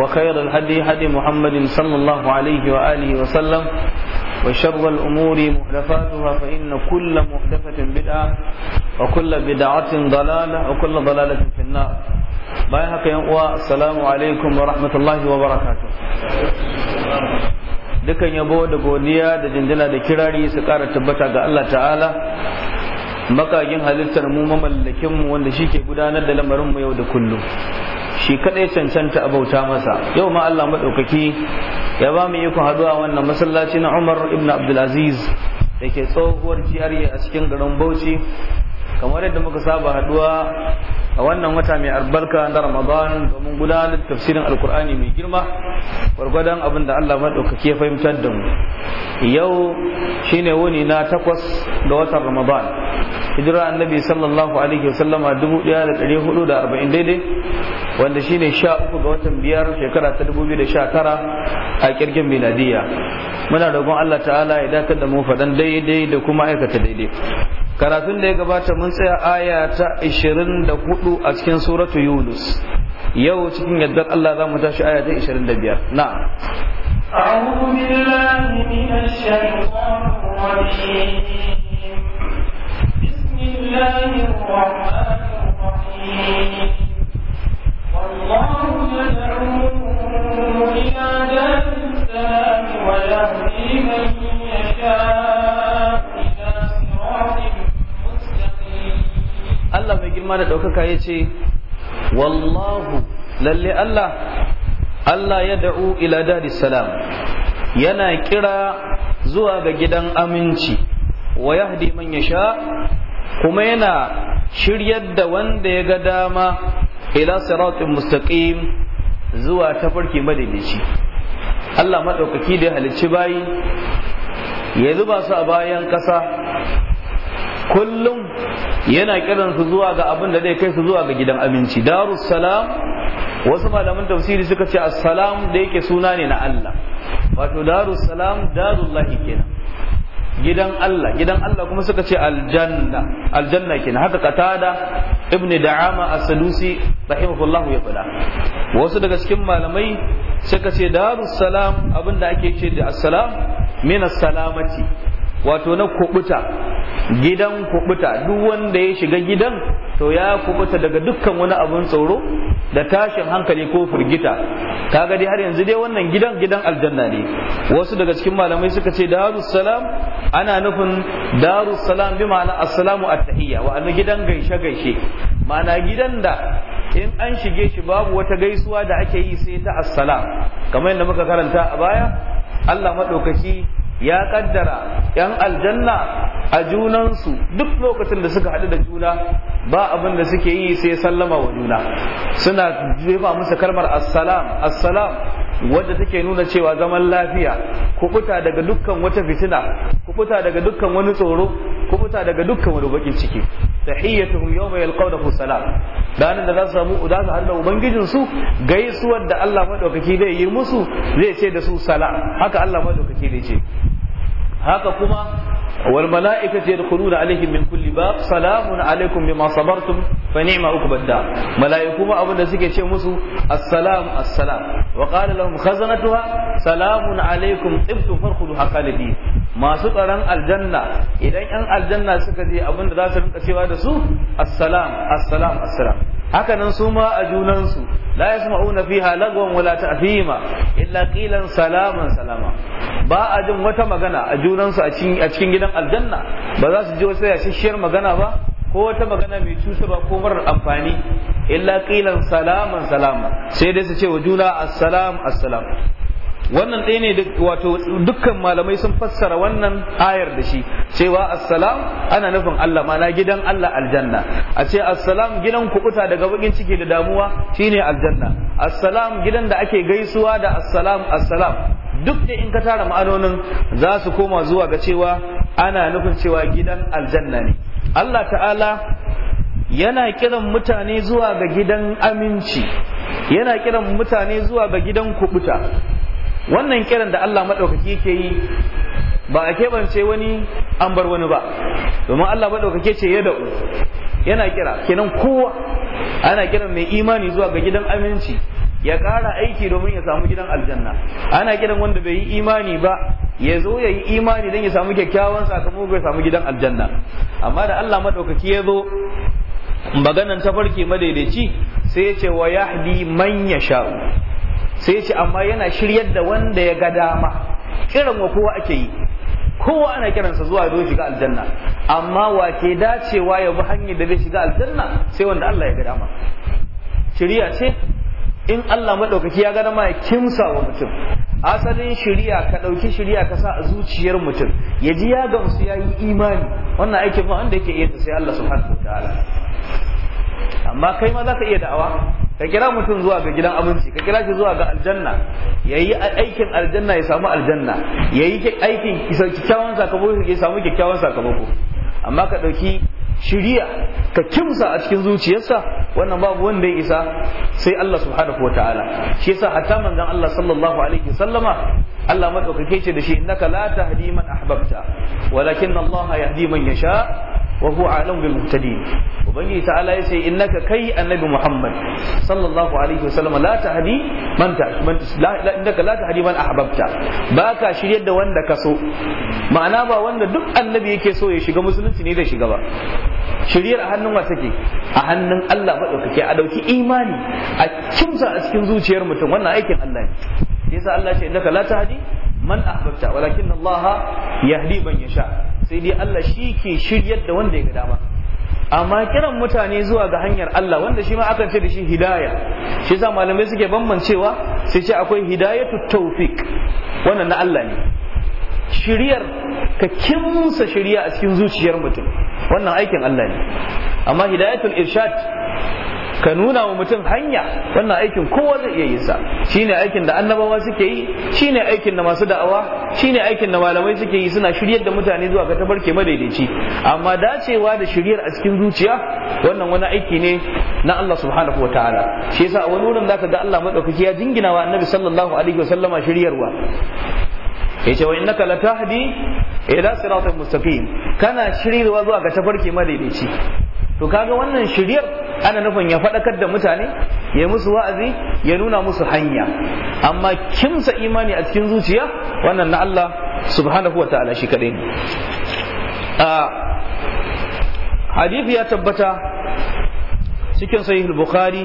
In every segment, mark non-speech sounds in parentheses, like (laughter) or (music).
وخير الهدي هدي محمد صلى الله عليه وآله وسلم وشر الأمور محدثاتها فإن كل محدثة بدعة وكل بدعة ضلالة وكل ضلالة في النار بايهك يا السلام عليكم ورحمة الله وبركاته dukan yabo da godiya da jindina da kirari su ƙara tabbata ga Allah ta'ala makagin halittar mu mamallakin mu wanda shi ke gudanar da lamarin mu yau da kullum shi kadai cancanta a bauta masa yau ma Allah maɗaukaki ya ba mu haɗuwa a wannan masallaci na Umar ibn Abdulaziz da ke tsohuwar GRA a cikin garin Bauchi kamar yadda muka saba haduwa a wannan wata mai albarka na ramadan domin gudanar tafsirin alkur'ani mai girma gwargwadon abin da allah maɗaukaki ya fahimtar da mu yau shine wuni na takwas ga watan ramadan hijira annabi sallallahu alaihi wasallama arba'in daidai wanda shine uku ga watan biyar shekara ta dubu biyu da sha tara a kirgin miladiya muna roƙon allah ta'ala ya dakatar da mu faɗan daidai da kuma aikata daidai karatun da ya gabata mun tsaya aya ta 24 a cikin suratu yunus yau cikin yardar Allah za mu tashi aya ta 25 na أعوذ بالله من الشيطان الرجيم بسم الله الرحمن الرحيم والله يدعو إلى دار السلام ويهدي من يشاء Allah mai girma da ɗaukaka ya ce wallahu lalle Allah Allah ya da'u ila dari salam yana kira zuwa ga gidan aminci wa yahdi man sha kuma yana shiryar da wanda ya ga dama ila siratin mustaqim zuwa tafarki madaidaici Allah maɗaukaki da ya halicci bayi ya zuba su a bayan ƙasa kullum yana kiran su zuwa ga abin da zai kai su zuwa ga gidan aminci darussalam wasu malaman tafsiri suka ce assalam da yake suna ne na Allah wato darussalam darullahi kenan gidan Allah gidan Allah kuma suka ce aljanna aljanna kenan haka katada ibnu da'ama as sulusi rahimahullahu ya fada wasu daga cikin malamai suka ce darussalam abin abinda ake ce da assalam min as-salamati wato na kubuta gidan kubuta duk wanda ya shiga gidan to ya kubuta daga dukkan wani abun tsoro da tashin hankali ko firgita kaga dai har yanzu dai wannan gidan gidan aljanna ne wasu daga cikin malamai suka ce darus ana nufin darus bi ma'ana assalamu at-tahiyya wa gidan gaishe gaishe ma'ana gidan da in an shige shi babu wata gaisuwa da ake yi sai ta assalam kamar yadda muka karanta a baya Allah madaukaki ya kaddara yan aljanna a junansu duk lokacin da suka haɗu da juna ba abin da suke yi sai sallama wa juna suna jefa musu kalmar assalam assalam wadda take nuna cewa zaman lafiya kubuta daga dukkan wata fitina kubuta daga dukkan wani tsoro kubuta daga dukkan wani bakin ciki tahiyyatuhum yawma yalqawnahu salam ranar da za su samu za su halla ubangijin su gaisuwar da Allah madaukaki zai yi musu zai ce da su salam haka Allah madaukaki zai ce haka kuma wal mala'ikatu yadkhuluna alaihim min kulli bab salamun alaikum bima sabartum fa ni'ma uqbad mala'iku ma abinda suke ce musu assalam assalam wa qala lahum khazanatuha salamun alaikum tibtum farkhuluha khalidin masu tsaron aljanna idan yan aljanna suka je abinda za su rinka cewa da su assalam assalam assalam haka nan su ma a junansu لا يسمعون فيها لغوا ولا تأثيما illa قيلا salaman سلاما ba a jin wata magana a junansu a cikin gidan aljanna ba za su ji wasu yashishiyar magana ba ko wata magana mai cusa ba ko marar amfani illa qilan salaman salama sai dai su ce wa juna assalam assalam wannan ɗaya ne wato dukkan malamai sun fassara wannan ayar da shi cewa assalam ana nufin Allah mana gidan Allah aljanna a ce assalam gidan kuɓuta daga bakin ciki da damuwa shine aljanna assalam gidan da ake gaisuwa da assalam assalam duk da in ka tara ma'anonin za su koma zuwa ga cewa ana nufin cewa gidan aljanna ne Allah ta'ala yana kiran mutane zuwa ga gidan aminci yana kiran mutane zuwa ga gidan kuɓuta. wannan kiran da Allah maɗaukaki ke yi ba a keɓance wani an bar wani ba domin Allah maɗaukaki ce ya yana kira kenan kowa ana kiran mai imani zuwa ga gidan aminci ya ƙara aiki domin ya samu gidan aljanna ana kiran wanda bai yi imani ba ya zo ya yi imani don ya samu kyakkyawan sakamako ya samu gidan aljanna amma da Allah maɗaukaki ya zo maganan tafarki madaidaici sai ya ce wa yahdi man sai ce amma yana shiryar da wanda ya ga dama kiran wa kowa ake yi kowa ana kiransa zuwa don shiga aljanna amma wa ke dacewa ya bi hanyar da zai shiga aljanna sai wanda Allah ya ga dama Shirya ce in Allah maɗaukaki ya ga dama ya kimsa wa mutum asalin shiriya ka ɗauki shiriya ka sa a zuciyar mutum ya ji ya gamsu ya yi imani wannan aikin ma wanda yake iya sai Allah subhanahu wataala amma kai ma za ka iya da'awa ka kira mutum zuwa ga gidan abinci ka kira shi zuwa ga aljanna yayi aikin aljanna ya samu aljanna yayi aikin kyakkyawan sakamako ya samu kyakkyawan sakamako amma ka ɗauki shiriya ka kimsa a cikin zuciyarsa wannan babu wanda ya isa sai Allah subhanahu wataala shi yasa hatta manzon Allah sallallahu alaihi wasallama Allah madaukake ce da shi innaka la tahdi man ahbabta walakin Allah yahdi man yasha wa huwa a'lamu bil muhtadin ubangiji ta'ala yace innaka kai annabi muhammad sallallahu alaihi wasallam la tahdi man ta man la innaka la tahdi man ahbabta baka shiryar da wanda ka so ma'ana ba wanda duk annabi yake so ya shiga musulunci ne da shiga ba shiryar a hannun wa take a hannun Allah madaukake a dauki imani a kimsa a cikin zuciyar mutum wannan aikin Allah ne yasa Allah ya ce innaka la tahdi man Allah sai dai Allah shi ke shiryar da wanda ya ga dama amma kiran mutane zuwa ga hanyar Allah wanda shi ma akan ce da shi hidaya shi yasa malamai suke bambancewa sai ce akwai hidayatu tawfiq wannan na Allah ne shiryar ka kimsa shiriya a cikin zuciyar mutum wannan aikin Allah ne amma hidayatul irshad ka nuna wa mutum hanya wannan aikin kowa zai iya yin sa shine aikin da annabawa suke yi shine aikin da masu da'awa shine aikin da malamai suke yi suna shiryar da mutane zuwa ga tabarke madaidaici amma dacewa da shiryar a cikin zuciya wannan wani aiki ne na Allah subhanahu ta'ala shi yasa wani wurin zaka ga Allah madaukaki ya jingina wa annabi sallallahu alaihi wa sallama shiryarwa yace wa innaka latahdi ila siratal mustaqim kana shiryarwa zuwa ga tabarke madaidaici to kaga wannan shiryar ana nufin ya faɗakar da mutane ya musu wa'azi ya nuna musu hanya amma kimsa imani a cikin zuciya wannan na Allah subhanahu wa ta'ala shi kaɗai hadisi ya tabbata cikin sahih bukhari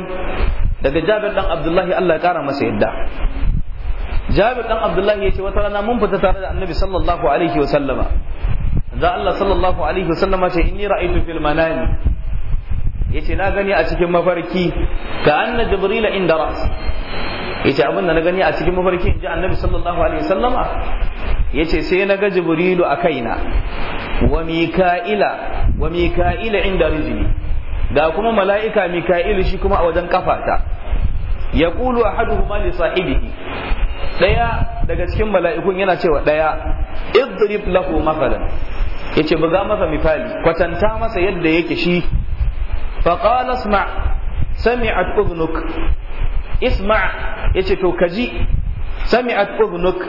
daga jabir dan abdullahi Allah ya kara masa yadda jabir dan abdullahi ya ce wata rana mun fita tare da annabi sallallahu alaihi wa sallama da Allah sallallahu alaihi wa sallama ce inni ra'aytu fil manami yace na gani a cikin mafarki ka anna jibril inda ras yace abin da na gani a cikin mafarki inji annabi sallallahu alaihi sallama. yace sai na ga jibrilu a kaina wa mika'ila wa mika'ila inda rijli ga kuma mala'ika mika'ilu shi kuma a wajen kafata yaqulu ahaduhuma li sahibihi daya daga cikin mala'ikun yana cewa daya idrib lahu masalan yace buga masa misali kwatanta masa yadda yake shi فقال اسمع سمعت أذنك اسمع يتي تو كجي سمعت أذنك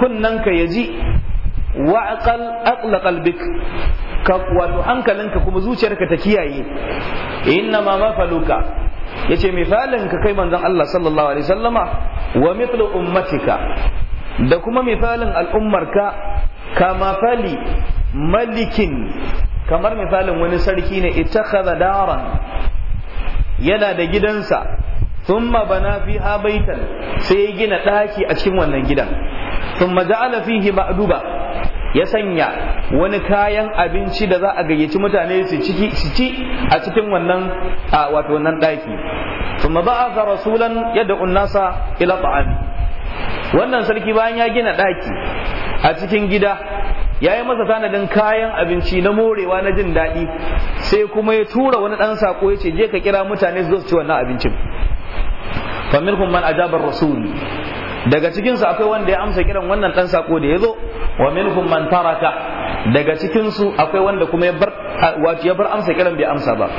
كننك يجي وعقل أقل قلبك wato hankalinka kuma zuciyarka ta kiyaye inna ma mafaluka yace mifalinka kai manzon Allah sallallahu alaihi wasallama wa mithlu ummatika da kuma misalin al'ummarka kama fali malikin kamar misalin wani sarki ne ita daran yana da gidansa thumma bana fiha baitan sai ya gina daki a cikin wannan gidan thumma ja'ala fihi ma'duba ya sanya wani kayan abinci da za a gayyaci mutane su ciki ci a cikin wannan wato wannan daki thumma ba'atha rasulan yad'u an-nasa ila ta'ami wannan sarki bayan ya gina daki a cikin gida ya yi masa tanadin kayan abinci na morewa na jin daɗi sai kuma ya tura wani ɗan sako ya ce je ka kira mutane su ci wannan abincin faminkum man ajabar rasul daga cikinsu akwai wanda ya amsa kiran wannan ɗan sako da ya zo wa minhum man taraka daga cikinsu akwai wanda kuma ya bar wato amsa kiran bai amsa ba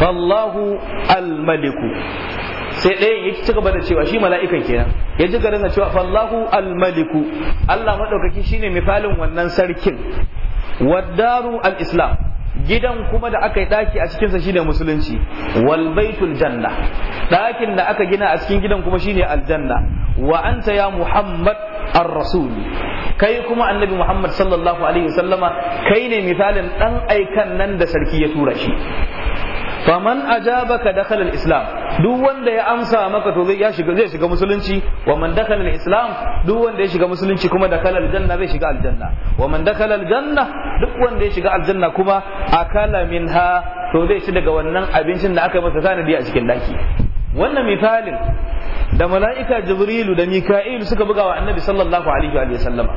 fallahu al-maliku sai ɗayan ya ci gaba da cewa shi mala'ikan kenan ya ji garin cewa fallahu almaliku Allah madaukaki shine misalin wannan sarkin waddaru al-islam gidan kuma da aka yi daki a cikinsa shine musulunci wal baitul janna dakin da aka gina a cikin gidan kuma shine aljanna wa anta ya muhammad ar-rasul kai kuma annabi muhammad sallallahu alaihi wasallama kai ne misalin dan aikan nan da sarki ya tura shi faman ajabaka dakhala al-islam duk wanda ya amsa maka to zai shiga zai shiga musulunci wa man dakala al-islam duk wanda ya shiga musulunci kuma dakala al-janna zai shiga aljanna wa man dakala al-janna duk wanda ya shiga aljanna kuma akala minha to zai ci daga wannan abincin da aka masa tanadi a cikin daki wannan misalin da mala'ika jibrilu da mika'ilu suka buga wa annabi sallallahu alaihi wa sallama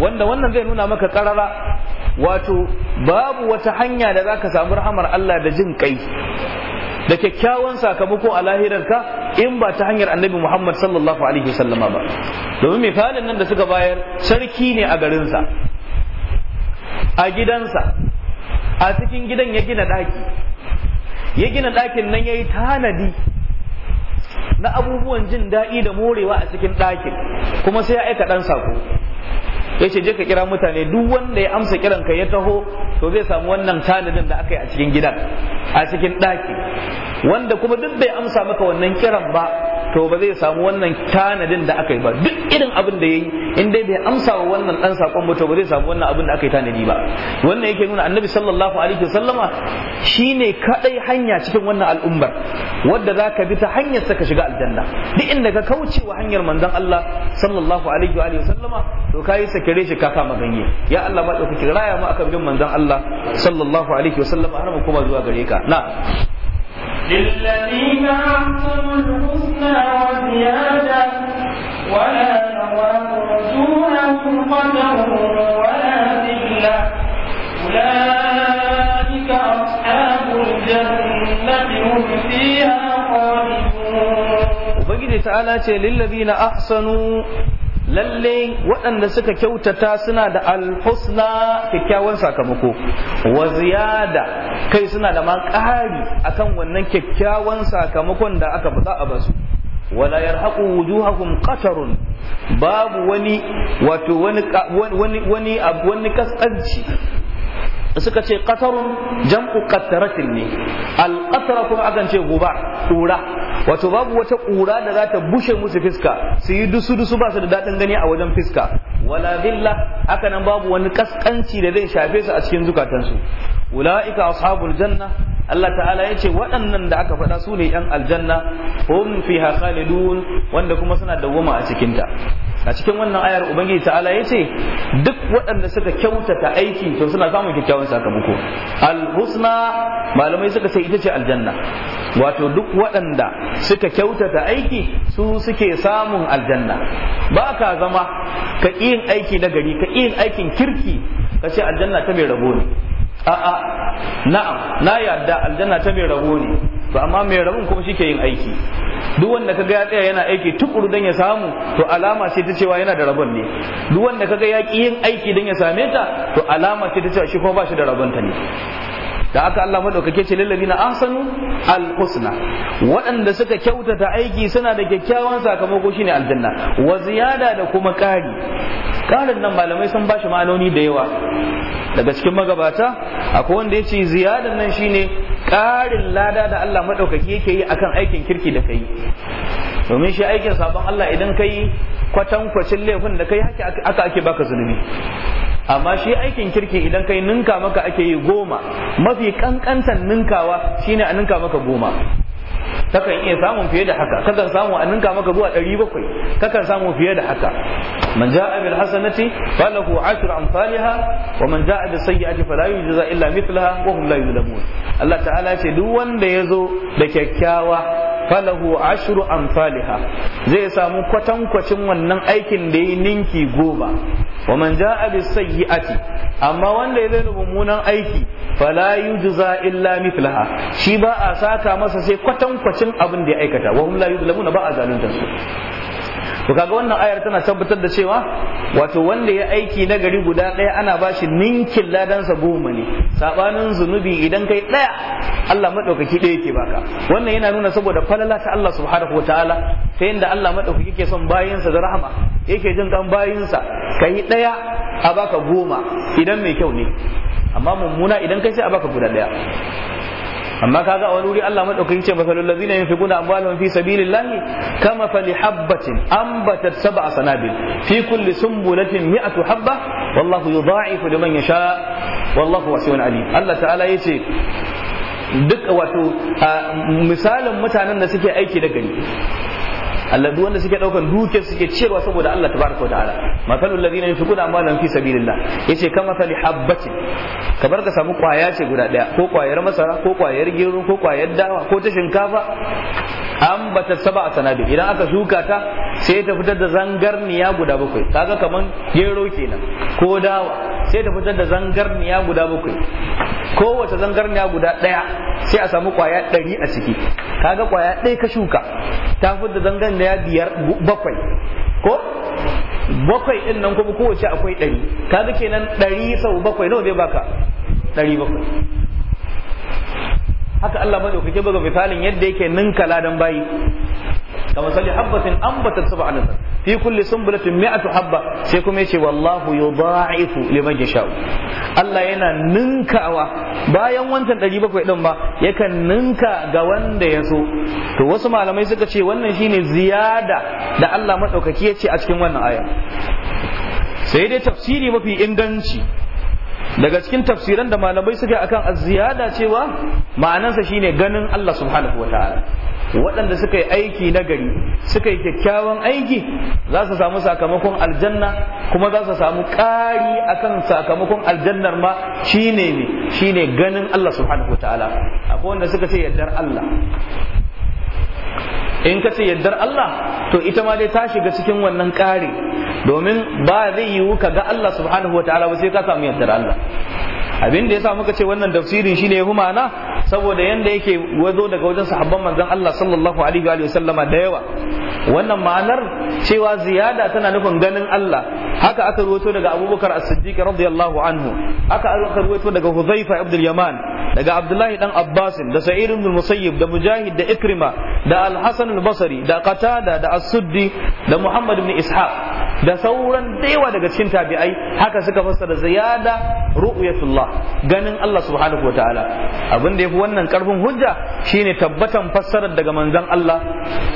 wanda wannan zai nuna maka karara wato babu wata hanya da zaka samu rahamar Allah da jin kai da kyakkyawan sakamako a lahirarka in ba ta hanyar annabi Muhammad sallallahu alaihi wasallama ba domin misalin nan da suka bayar sarki ne a garinsa a gidansa a cikin gidan ya gina ɗaki ya gina ɗakin nan ya yi tanadi na abubuwan jin daɗi da morewa a cikin ɗakin kuma sai ya aika ɗan sako yace je ka kira mutane duk wanda ya amsa kiran ka ya taho to zai samu wannan tanadin da aka yi a cikin gidan a cikin ɗaki wanda kuma duk bai amsa maka wannan kiran ba to ba zai samu wannan tanadin da aka yi ba duk irin abin da yi in dai bai amsa wa wannan dan sakon ba to ba zai samu wannan abin da aka yi tanadi ba wannan yake nuna annabi sallallahu alaihi wasallama shine kadai hanya cikin wannan al'ummar wadda zaka bi ta hanyar saka shiga aljanna duk inda ka kauce wa hanyar manzon Allah sallallahu alaihi wa alihi wasallama to kai sakare shi ka kama ganye ya Allah ma dauki raya mu akan bin manzon Allah sallallahu alaihi wasallama har mu kuma zuwa gare ka na للذين أحسنوا الحسنى وزيادة ولا تخاف رسولهم قدر ولا ذلة أولئك أصحاب الجنة هم فيها خالدون وبجد تعالى للذين أحسنوا lalle waɗanda suka kyautata suna da alhusna kyakkyawan sakamako wa ziyada kai suna da ma ƙari akan wannan kyakkyawan sakamakon da aka za a basu wala yarhaqu wujuhakum qatarun babu wani wato wani wani wani wani kasanci suka ce qatarun jam'u qattaratin ne al qatara kuma akan ce guba kura wato babu wata kura da za ta bushe musu fiska su yi dusu dusu ba su da dadin gani a wajen fiska wala billah haka nan babu wani kaskanci da zai shafe su a cikin zukatansu ulaika ashabul janna Allah ta'ala ya ce waɗannan da aka faɗa su ne 'yan aljanna hum fiha khalidun wanda kuma suna dawwama a cikinta a cikin wannan ayar ubangiji ta'ala ya ce duk waɗanda suka kyautata aiki to suna samun kyakkyawan sakamako al-husna malamai suka ce ita ce aljanna wato duk waɗanda suka kyautata aiki su suke samun aljanna ba ka zama ka yin aiki na gari ka yin aikin kirki ka ce aljanna ta mai rabo ne a'a na'am na yarda aljanna ta mai rabo ne to amma mai rabon kuma shi ke yin aiki duk wanda kaga ya tsaya yana aiki tukuru dan ya samu to alama ce ta cewa yana da rabon ne duk wanda kaga ya ki yin aiki dan ya same ta to alama ce ta cewa shi kuma ba shi da rabon ta ne da aka Allah madaukake ce lillazina ahsanu alhusna waɗanda suka kyautata aiki suna da kyakkyawan sakamako shine aljanna wa ziyada da kuma ƙari ƙarin nan malamai sun bashi ma'anoni da yawa daga cikin magabata akwai wanda ya ce ziyadan nan shine ƙarin lada da Allah madaukake yake yi akan aikin kirki da kai domin shi aikin sabon Allah idan kai kwatankwacin laifin da kai aka ake baka zunubi amma shi aikin kirki idan kai ninka maka ake yi goma mafi kankantan ninkawa shine a ninka maka goma kakan iya samun fiye da haka kakan samu a ninka maka zuwa ɗari bakwai kakan samu fiye da haka man ja'a bil hasanati falahu ashru amsalha wa man ja'a bis sayyi'ati fala yujza illa mithlaha wa hum la yuzlamun Allah ta'ala ce duk wanda yazo da kyakkyawa falahu ashru amsalha zai samu kwatankwacin wannan aikin da yi ninki goma wa man ja'a bis sayyi'ati amma wanda yayi da mummunan aiki fala yujza illa mithlaha shi ba a saka masa sai kwatankwacin kwatankwacin abin da ya aikata wa la yuzlamuna ba a zaluntar su to kaga wannan ayar tana tabbatar da cewa wato wanda ya aiki na gari guda daya ana ba shi ninkin ladan sa goma ne sabanin zunubi idan kai ɗaya Allah madaukaki ɗaya yake baka wannan yana nuna saboda falala ta Allah subhanahu wataala ta yadda Allah madaukaki ke son bayinsa da rahama yake jin kan ka kai ɗaya a baka goma idan mai kyau ne amma mummuna idan kai sai a baka guda ɗaya amma kaga a wani wuri Allah madaukaki ce masalul ladzina yunfiquna amwalahum fi sabilillahi kama fali habbatin ambatat sab'a sanabil fi kulli sumbulatin mi'atu habba wallahu yudha'ifu liman yasha wallahu wasi'un alim Allah ta'ala yace duk wato misalin mutanen da suke aiki da gari Allah duk wanda suke daukan dukiyar suke cewa saboda Allah tabaraka ta'ala masalul ladina yunfiquna amwalan fi sabilillah yace kama sali habbatin kamar ka samu kwaya ce guda daya ko kwayar masara ko kwayar gero ko kwayar dawa ko ta shinkafa an bata saba a sanabi idan aka shuka ta sai ta fitar da zangarniya guda bakwai kaga kaman gero kenan ko dawa sai ta fitar da zangarniya guda bakwai kowace zangarniya guda ɗaya sai a samu kwaya ɗari a ciki kaga kwaya ɗaya ka shuka ta fitar da zangarniya biyar bakwai ko bakwai ɗin nan kuma kowace akwai ɗari kaga kenan ɗari sau bakwai nawa zai baka ɗari bakwai haka Allah ba ga misalin yadda yake ninka ladan bayi kamar sali habbatin Ambatan sab'a nasar fi kulli sunbulatin mi'atu habba sai kuma yace wallahu yudha'ifu liman yasha Allah yana ninkawa bayan wancan 700 din ba yakan ninka ga wanda ya so to wasu malamai suka ce wannan shine ziyada da Allah madaukaki yace a cikin wannan aya sai dai tafsiri mafi inganci daga cikin tafsiran da malamai suka akan az-ziyada cewa ma'anansa shine ganin Allah subhanahu wataala waɗanda suka yi aiki na gari suka yi kyakkyawan aiki za su samu sakamakon aljanna kuma za su samu ƙari akan sakamakon aljannar ma shine ne ne ganin Allah subhanahu akwai wanda suka ce yardar Allah in ka ce yardar Allah to ita ma dai ta shiga cikin wannan ƙari domin ba zai yiwu ka ga Allah subhanahu ta'ala ba sai ka samu yardar Allah abin da ya sa muka ce wannan tafsirin shine ya fi saboda yanda yake wazo daga wajen sahabban manzon Allah sallallahu alaihi wa sallama da yawa wannan ma'anar cewa ziyada tana nufin ganin Allah haka aka ruwato daga Abubakar As-Siddiq radiyallahu anhu haka aka ruwato daga Hudhaifa ibn al-Yaman daga Abdullahi dan Abbas da Sa'id ibn al-Musayyib da Mujahid da Ikrima da Al-Hasan al-Basri da Qatada da As-Suddi da Muhammad ibn Ishaq da sauran daiwa daga cikin tabi'ai haka suka fassara ziyada ru'yatullah ganin Allah subhanahu wa ta'ala abin da yafi wannan karfin hujja shine tabbatan fassarar daga manzon Allah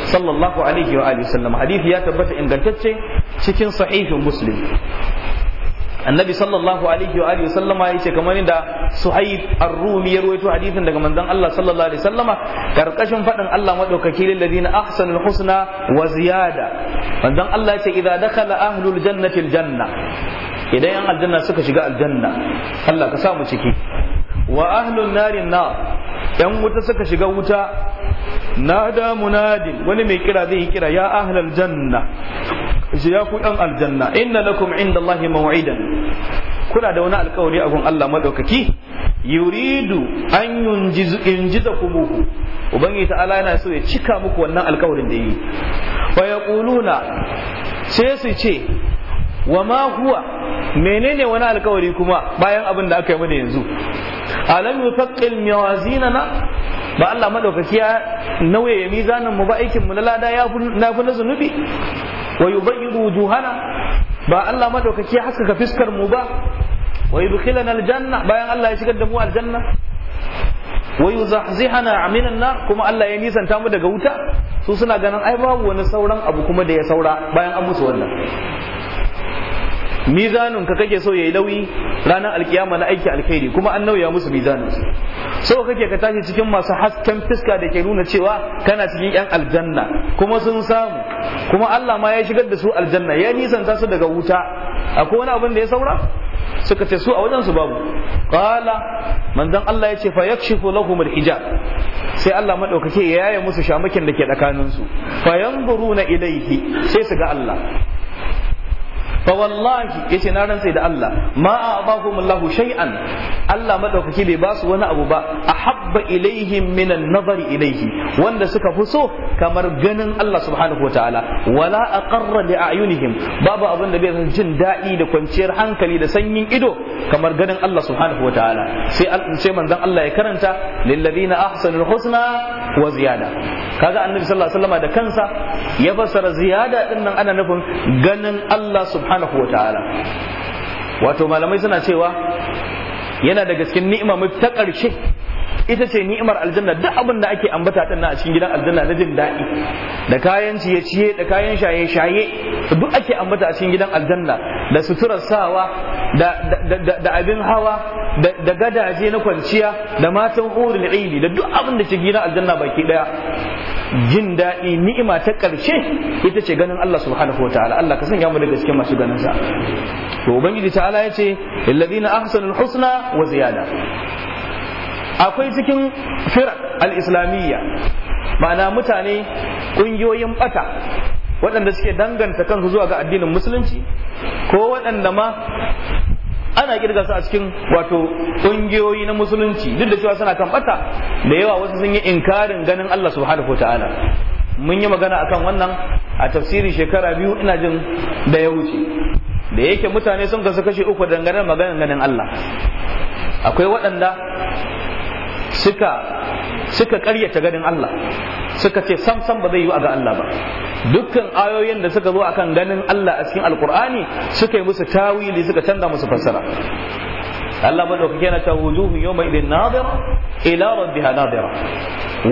sallallahu alaihi wa alihi sallam hadisi ya tabbata ingantacce cikin sahihin muslim annabi sallallahu alaihi wa alihi sallama yace kamar da suhaib ar-rumi ya ruwaito hadisin daga manzon Allah sallallahu alaihi sallama karkashin fadin Allah madaukaki lil ladina ahsanul husna wa ziyada manzon Allah yace idza dakhala ahlul jannati al-janna idan yan aljanna suka shiga aljanna Allah ka sa mu ciki wa ahlun narin na yan wuta suka shiga wuta na da munadin wani mai kira zai yi kira ya ahlal janna shi ya ku ɗan aljanna inna lakum inda Allahi maw'idan kuna da wani alkawari a gun Allah maɗaukaki yuridu an yunjiza kumuhu ubangiji ta'ala yana so ya cika muku wannan alkawarin da yi ya ƙuluna sai su ce wa ma huwa menene wani alkawari kuma bayan abin da aka yi mana yanzu alam yusaqqil mawazinana ba Allah madaukaki ya nauye mizanin mu ba aikin mu na lada ya na fi na zunubi wa yubayyidu wujuhana ba Allah madaukaki ya haskaka fiskar mu ba wa yudkhilana aljanna bayan Allah ya shigar da mu aljanna wa yuzahzihana minan nar kuma Allah ya nisanta mu daga wuta su suna ganin ai babu wani sauran abu kuma da ya saura bayan an musu wannan mizanin ka kake so yayi nauyi ranar alkiyama na aiki alkhairi kuma an nauya musu mizanin su so kake ka tashi cikin masu hasken fiska da ke nuna cewa kana cikin yan aljanna kuma sun samu kuma Allah ma ya shigar da su aljanna ya nisanta su daga wuta akwai wani abin da ya saura suka ce su a wajen su babu qala manzon Allah ya ce fa yakshifu lahum alhijab sai Allah madaukake ya yaye musu shamakin da ke tsakanin su fa yanzuruna ilayhi sai su ga Allah fa wallahi yace na rantsa da Allah ma a'dahum Allah shay'an Allah madaukaki bai ba su wani abu ba ahabba ilaihim minan nazari ilaihi wanda suka fi so kamar ganin Allah subhanahu wataala wala aqarra li a'yunihim babu abin da bai jin daɗi da kwanciyar hankali da sanyin ido kamar ganin Allah subhanahu wataala sai sai manzon Allah ya karanta lil ladina ahsanul husna wa ziyada kaga annabi sallallahu alaihi wasallam da kansa ya fassara ziyada din nan ana nufin ganin Allah subhanahu subhanahu wa ta'ala wato malamai suna cewa yana da gaskin ni'ima mai ta ƙarshe ita ce ni'imar aljanna duk abin da ake ambata din na a cikin gidan aljanna na jin daɗi da kayan ciye-ciye da kayan shaye-shaye duk ake ambata a cikin gidan aljanna da suturar sawa da abin hawa da gadaje na kwanciya da matan hurul aini da duk abin da ke gidan aljanna baki ɗaya. jin daɗi ni'ima ta ƙarshe ita ce ganin Allah subhanahu wa ta'ala Allah ka sanya mu daga cikin masu ganin sa to ubangiji ta'ala ya ce alladhina ahsanul husna wa ziyada akwai cikin firar al-islamiyya ma'ana mutane ƙungiyoyin bata waɗanda suke danganta kansu zuwa ga addinin musulunci ko waɗanda ma ana kirga su a cikin wato ƙungiyoyi na musulunci duk da cewa suna kan bata da yawa wasu sun yi inkarin ganin Allah subhanahu wa mun yi magana akan wannan a tafsirin shekara biyu ina jin da ya wuce da yake mutane sun kasu kashe uku dangane da maganar ganin Allah akwai waɗanda suka suka karyata ganin Allah suka ce sam sam ba zai yi a ga Allah ba dukkan ayoyin da suka zo akan ganin Allah a cikin alkur'ani suka yi musu tawili suka canza musu fassara Allah madaukake yana cewa wujuhun mai idin nadira ila rabbiha nadira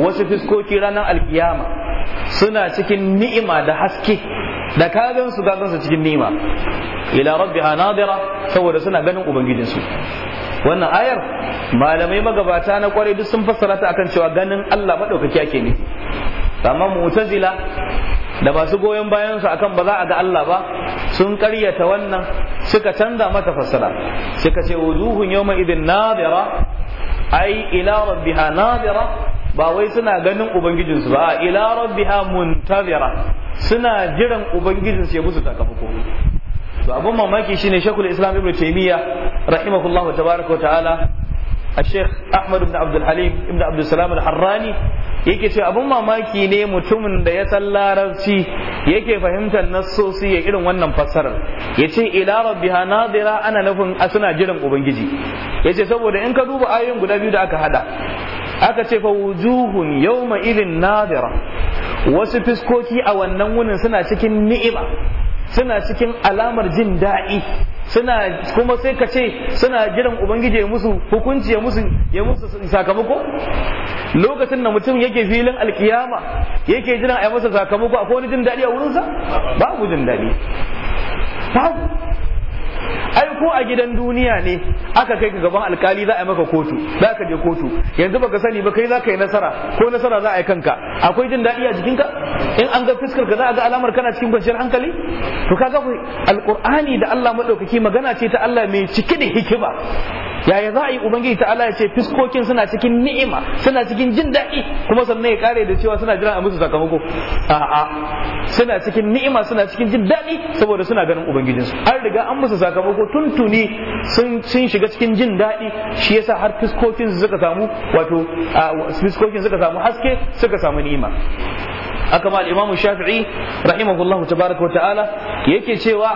wasu fiskoki ranar alkiyama suna cikin ni'ima da haske da ka su ka su cikin ni'ima ila rabbiha nadira saboda suna ganin ubangijinsu wannan ayar malamai magabata na kwarai duk sun fassara ta akan cewa ganin Allah maɗaukaki ake ne amma mu'tazila da masu goyon bayansu akan ba za a ga Allah ba sun karyata wannan suka canza mata fassara suka ce wujuhun yawma idin nadira ai ila rabbiha nadira ba wai suna ganin ubangijinsu ba ila rabbiha muntazira suna jiran ubangijinsu ya musu sakamako to abun mamaki shine shekul islam ibnu taymiya rahimahullahu tabaraka wa ta'ala الشيخ أحمد بن عبد الحليم بن عبد السلام الحراني yake ce abun mamaki ne mutumin da ya san larabci yake fahimtar nassosi ya irin wannan fassarar ya ce ila ha nadira ana nufin a suna jiran ubangiji ya ce saboda in ka duba ayoyin guda biyu da aka hada aka ce fa wujuhun yawma idin nadira wasu fiskoki a wannan wunin suna cikin ni'ima suna cikin alamar jin daɗi suna kuma sai ka ce suna jiran ubangiji ya musu hukunci ya musu ya musu sakamako lokacin da mutum yake filin alkiyama yake jiran a masa sakamako akwai wani jin daɗi a wurinsa babu jin daɗi babu ai ko a gidan duniya ne aka kai ka gaban alkali za a maka kotu za ka je kotu yanzu baka sani ba kai za ka yi nasara ko nasara za a yi kanka akwai jin daɗi a jikinka in an ga fuskar ka za a ga alamar kana cikin kwanciyar hankali to kaga alqur'ani da Allah madaukaki magana ce ta Allah mai cike da hikima yaya za a yi ubangiji ala ya ce fiskokin suna cikin ni'ima suna cikin jin daɗi kuma sannan ya kare da cewa suna jiran a musu sakamako a'a suna cikin ni'ima suna cikin jin daɗi saboda suna ganin ubangijinsu an riga an musu sakamako tuntuni sun sun shiga cikin jin daɗi shi yasa har fiskokin suka samu wato fiskokin suka samu haske suka samu ni'ima haka ma al-Imam Shafi'i rahimahullahu tabaraka ta'ala yake cewa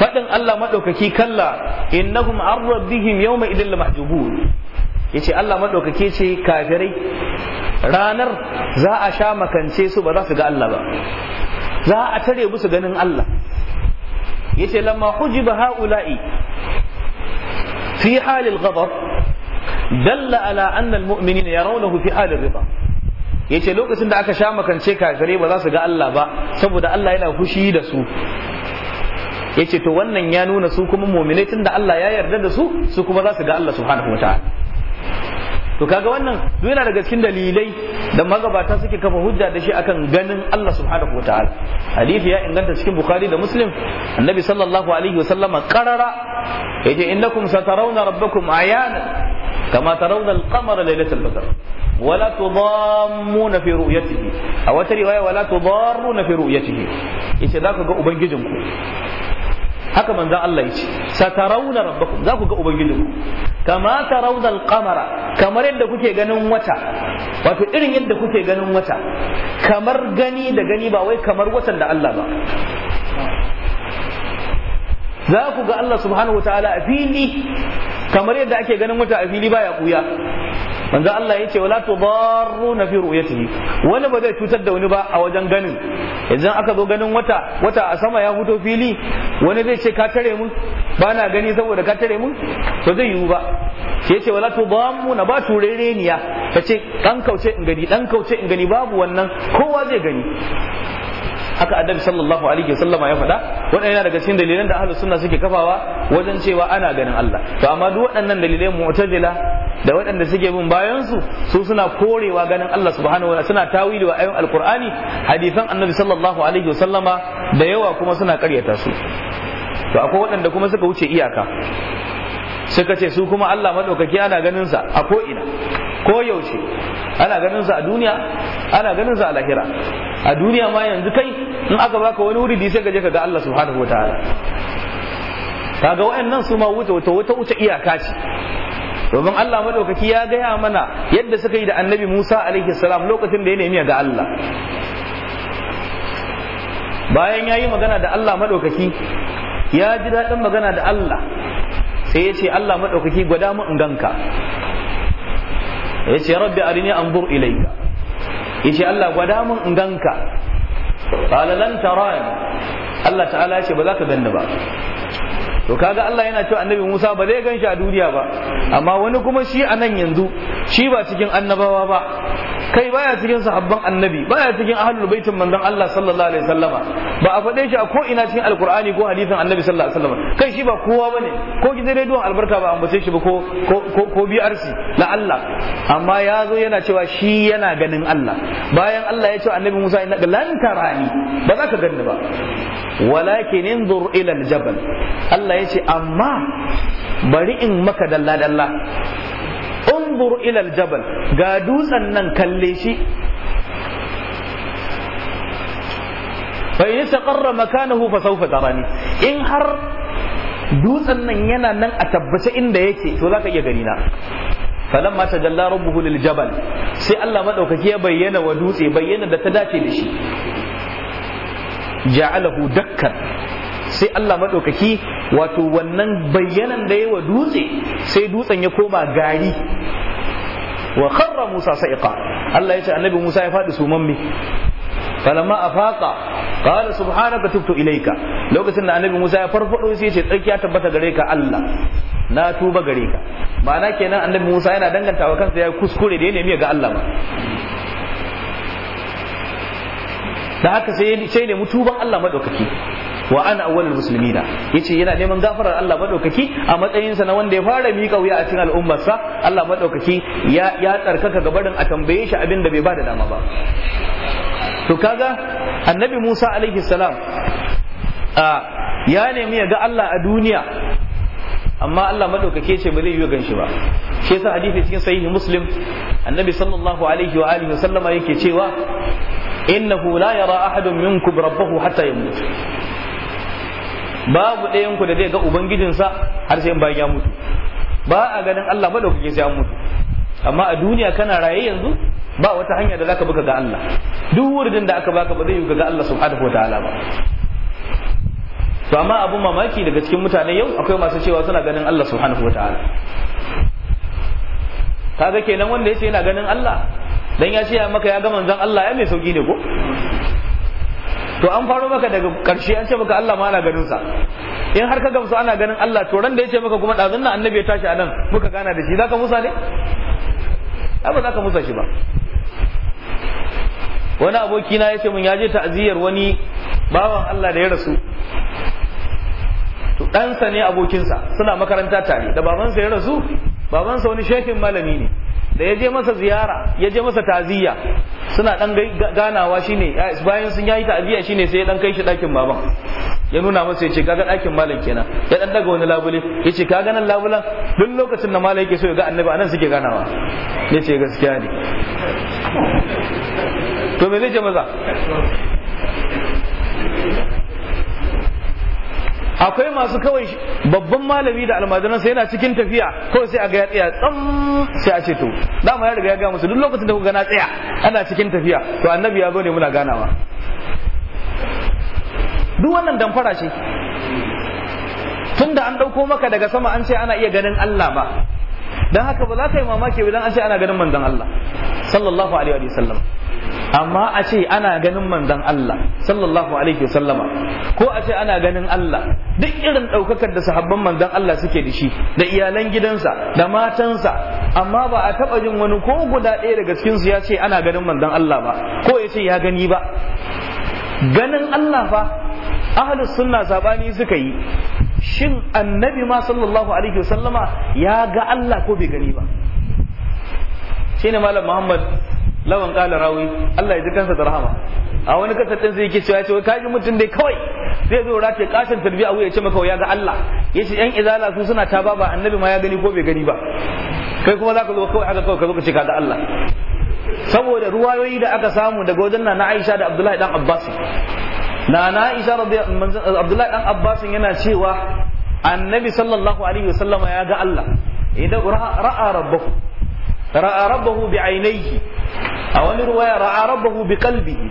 fadin Allah madaukaki kalla innahum arrabbihim rabbihim yawma idin lamahjubun yace Allah madaukake ce kafirai ranar za a sha makance su ba za su ga Allah ba za a tare musu ganin Allah yace lamma hujiba haula'i fi halil ghadab dalla ala anna al-mu'minina yarawnahu fi halir ridha yace lokacin da aka sha makance kafirai ba za su ga Allah ba saboda Allah yana fushi da su yace to wannan ya nuna su kuma mu'minai tunda Allah ya yarda da su su kuma za su ga Allah subhanahu to kaga wannan duk yana daga cikin dalilai da magabata suke kafa hujja da shi akan ganin Allah subhanahu wataala hadisi ya inganta cikin bukhari da muslim annabi sallallahu alaihi sallama karara yace innakum satarawna rabbakum ayana كما ترون القمر ليلة البدر ولا تضامون في رؤيته أو رواية ولا تضارون في رؤيته إيش ذاك أبنجدكم haka manzan Allah ya ce satarauna rabbakum za ku ga ubangijinku kama tarawna alqamara kamar yadda kuke ganin wata wato irin yadda kuke ganin wata kamar gani da gani ba wai kamar watan da Allah ba za ku ga Allah subhanahu wataala a fili kamar yadda ake ganin wata a fili baya kuya manzo Allah yace wala na fi ru'yatihi wani ba zai cutar da wani ba a wajen ganin idan aka zo ganin wata wata a sama ya fito fili wani zai ce ka tare mun ba na gani saboda ka tare mun to zai yiwu ba sai yace wala na ba turereniya ce dan kauce in gani dan kauce in gani babu wannan kowa zai gani haka annabi sallallahu alaihi wasallam ya faɗa waɗannan daga cikin dalilan da ahlus sunna suke kafawa wajen cewa ana ganin Allah to amma duk waɗannan dalilai mu'tazila da waɗanda suke bin bayan su su suna korewa ganin Allah subhanahu wa suna tawili wa ayoyin alqur'ani hadisan annabi sallallahu alaihi wasallama da yawa kuma suna karyata su to akwai waɗanda kuma suka wuce iyaka suka ce su kuma Allah madaukaki ana ganin sa a ko ina ko yaushe ana ganin sa a duniya ana ganin sa a lahira a duniya ma yanzu kai in aka baka wani wuri sai ka je ka ga Allah subhanahu wataala kaga wayannan su ma wuce wata wuce iyaka ce domin Allah madaukaki ya gaya mana yadda suka yi da annabi Musa alaihi salam lokacin da ya nemi ga Allah bayan ya yi magana da Allah madaukaki ya ji daɗin magana da Allah sai ya ce Allah madaukaki gwada mu in ganka ya ce rabbi arini anzur ilayka ya ce Allah gwada mun in ganka qala lan tarani Allah ta'ala ya ce ba za ka ganni ba to kaga Allah yana cewa annabi Musa ba zai gan shi a duniya ba amma wani kuma shi a nan yanzu shi ba cikin annabawa ba kai baya cikin sahabban annabi baya cikin ahlul baitin manzon Allah sallallahu alaihi wasallama ba a faɗe shi a ko ina cikin alqur'ani ko hadisin annabi sallallahu alaihi wasallama kai shi ba kowa bane ko gidan rediyon albarka ba ambace shi ba ko ko ko BRC la Allah amma ya zo yana cewa shi yana ganin Allah bayan Allah ya ce annabi Musa inna lan tarani ba za ka ganni ba walakin inzur ila aljabal Allah Allah ya ce amma bari in maka dalla dalla unzur ilal aljabal ga dutsen nan kalle shi fa in istaqarra makanahu fa sawfa tarani in har dutsen nan yana nan a tabbace inda yake to zaka iya gani na falamma tajalla rabbuhu lil jabal sai Allah madaukaki ya bayyana wa dutse bayyana da ta dace da shi ja'alahu dakkan sai Allah maɗaukaki wato wannan bayyanan da yawa dutse sai dutsen ya koma gari wa kharra Musa sa'iqa Allah ya ce annabi Musa ya faɗi mamme falamma afaqa qala subhanaka tubtu ilayka lokacin da annabi Musa ya farfado sai ya ce tsarki ya tabbata gare ka Allah na tuba gare ka ma'ana kenan annabi Musa yana dangantawa kansa ya kuskure da ya nemi ga Allah ba da haka sai ya nemi tuban Allah madaukaki wa ana awwalul muslimina yace yana neman gafarar Allah madaukaki a matsayinsa na wanda ya fara miƙa wuya a cikin al'ummarsa Allah madaukaki ya ya tsarkaka gabarin a tambaye shi abin da bai da dama ba to kaga annabi Musa alaihi salam ya nemi ya ga Allah a duniya amma Allah madaukake ce ba zai yi ganshi ba shi yasa hadisi cikin sahihi muslim annabi sallallahu alaihi wa alihi sallama yake cewa innahu la yara ahadun minkum rabbahu hatta yamut babu ɗayan ku da zai ga ubangijinsa har sai bayan ya mutu ba a ganin Allah ba da kuke sai an mutu amma a duniya kana raye yanzu ba wata hanya da zaka buka ga Allah duk wurin da aka baka ba zai yi ga Allah subhanahu wataala ba to amma abun mamaki daga cikin mutane yau akwai masu cewa suna ganin Allah subhanahu wataala kaga kenan wanda yace yana ganin Allah dan ya ce maka ya ga manzon Allah ya mai sauki ne ko to an faro maka daga karshe an ce maka Allah ma ana ganin sa in har ka gamsu ana ganin Allah to ran da ya ce maka kuma dazun nan annabi ya tashi a nan muka gana da shi zaka musa ne ba zaka musa shi ba wani aboki na yace mun ya je ta'ziyar wani bawan Allah da ya rasu to ɗansa ne abokinsa suna makaranta tare da babansa ya rasu babansa wani shekin malami ne da ya je masa ziyara ya je masa taziya suna dan ganawa shine bayan sun yayi ta'aziyya shine sai ya dan kai shi dakin baban ya nuna masa ya ce kaga dakin malam kenan ya dan daga wani labule yace ce kaga nan labulan duk lokacin da malam yake so ya ga annabi anan suke ganawa ya gaskiya ne to me zai ce maza akwai masu kawai babban malami da sai yana cikin tafiya ko sai a ga ya tsaya tsam sai a ce to dama ya riga ya ga musu duk lokacin da kuka na tsaya ana cikin tafiya to annabi ya zo ne muna ganawa duk wannan damfara ce tunda an ɗauko maka daga sama an ce ana iya ganin Allah ba dan haka ba za ka yi mamaki ba idan an ce ana ganin manzon Allah sallallahu alaihi wa sallam amma a ce ana ganin manzon Allah sallallahu alaihi wa sallama ko a ce ana ganin Allah duk irin daukakar da sahabban manzon Allah suke da shi da iyalan gidansa da matansa amma ba a taba jin wani ko guda ɗaya daga cikin su ya ce ana ganin manzon Allah ba ko ya ce ya gani ba ganin Allah fa ahlus sunna sabani suka yi shin annabi ma sallallahu alaihi wasallama ya ga Allah ko bai gani ba shine malam Muhammad lawan kala rawi Allah ya ji kansa da rahama a wani kasar ɗin sai yake cewa ya ce kaji mutum dai kawai zai zo race kashin tarbiya wuya ce maka ya ga Allah yace yan izala su suna ta baba annabi ma ya gani ko bai gani ba kai kuma za zaka zo kawai haka kawai ka zo ka ce ka ga Allah saboda ruwayoyi da aka samu daga wajen na Aisha da Abdullahi dan Abbas na na Aisha Abdullahi dan Abbasin yana cewa annabi sallallahu alaihi wasallama ya ga Allah idan ra'a rabbahu ra'a rabbahu bi ainihi a wani ruwaya ra'a rabbahu bi qalbihi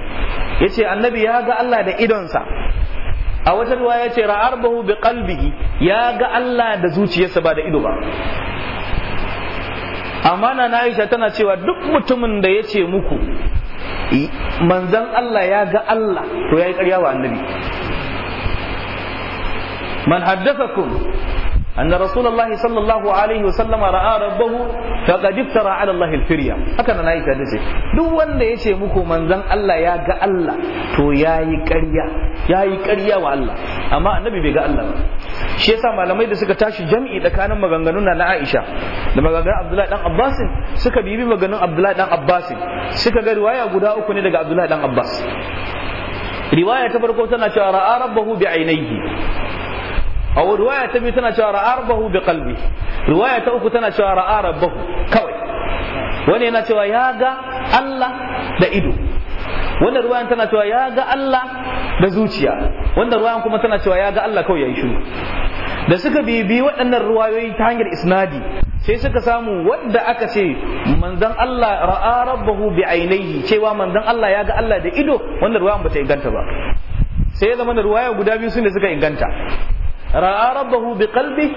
yace annabi ya ga Allah da idonsa a wata ruwaya yace ra'a rabbahu bi qalbihi ya ga Allah da zuciyarsa ba da ido ba amma na Aisha tana cewa duk mutumin da yace muku manzan Allah ya ga Allah to ya yi ƙarya wa annabi man haddathakum أن رسول الله صلى الله عليه وسلم رأى ربه فقد افترى على الله الفرية هكذا أنا يتا دسي دو وان دي يشي مكو منزن الله يا غا الله تو يا يكريا يا يكريا و الله أما النبي بي غا الله shi yasa malamai da suka tashi jami'i tsakanin maganganun na Aisha da maganganun Abdullahi dan Abbas suka bibi maganganun Abdullahi dan Abbas suka ga riwaya guda uku ne daga Abdullahi dan Abbas riwaya ta farko tana cewa ra'a rabbahu bi ainihi a riwaya ta biyu tana cewa ra'ar bahu bi kalbi ruwaya ta uku tana cewa ra'ar bahu kawai wani yana cewa ya ga Allah da ido wanda ruwayan tana cewa ya ga Allah da zuciya wanda ruwayan kuma tana cewa ya ga Allah kawai ya yi shiru da suka bibi waɗannan ruwayoyi ta hanyar isnadi sai suka samu wadda aka ce manzon Allah bahu rabbahu bi ainihi cewa manzon Allah ya ga Allah da ido wannan ruwayan ba ta inganta ba sai ya zama da ruwaya guda biyu sun da suka inganta ra'a rabbahu bi qalbi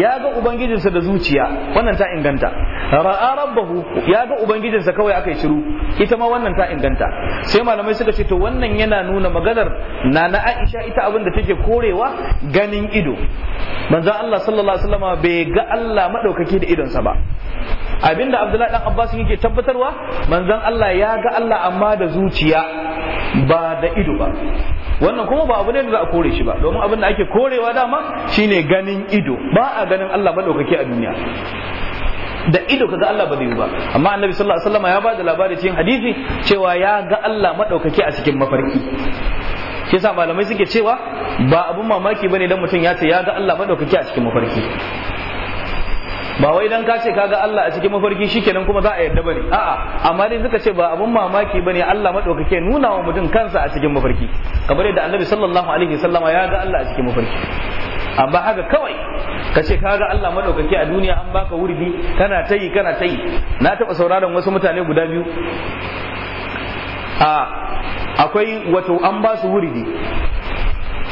ya ga ubangijinsa da zuciya wannan ta inganta ra'a rabbahu ya ga ubangijinsa kawai aka yi shiru ita ma wannan ta inganta sai malamai suka ce to wannan yana nuna maganar nana Aisha ita abin da take korewa ganin ido manzo Allah sallallahu alaihi wasallam bai ga Allah madaukaki da idonsa ba abinda Abdullahi dan Abbas yake tabbatarwa manzon Allah ya ga Allah amma da zuciya ba da ido ba wannan kuma ba abu ne da za a kore shi ba domin abin da ake korewa dama shine ganin ido ba a ganin Allah dokake a duniya da ido kaga Allah ba zai ba amma annabi sallallahu alaihi wasallam ya ba da labari cikin hadisi cewa ya ga Allah madaukaki a cikin mafarki shi yasa malamai suke cewa ba abun mamaki bane dan mutum ya ce ya ga Allah maɗaukaki a cikin mafarki ba wai dan ka ce kaga Allah a cikin mafarki shikenan kuma za a yarda bane a'a amma dai suka ce ba abun mamaki bane Allah madaukake nuna wa mutum kansa a cikin mafarki kamar yadda Annabi sallallahu alaihi wasallama ya ga Allah a cikin mafarki amma haka kawai ka ce kaga Allah madaukake a duniya an baka wurdi kana tayi kana tayi na taba sauraron wasu mutane guda biyu a akwai wato an ba su wurdi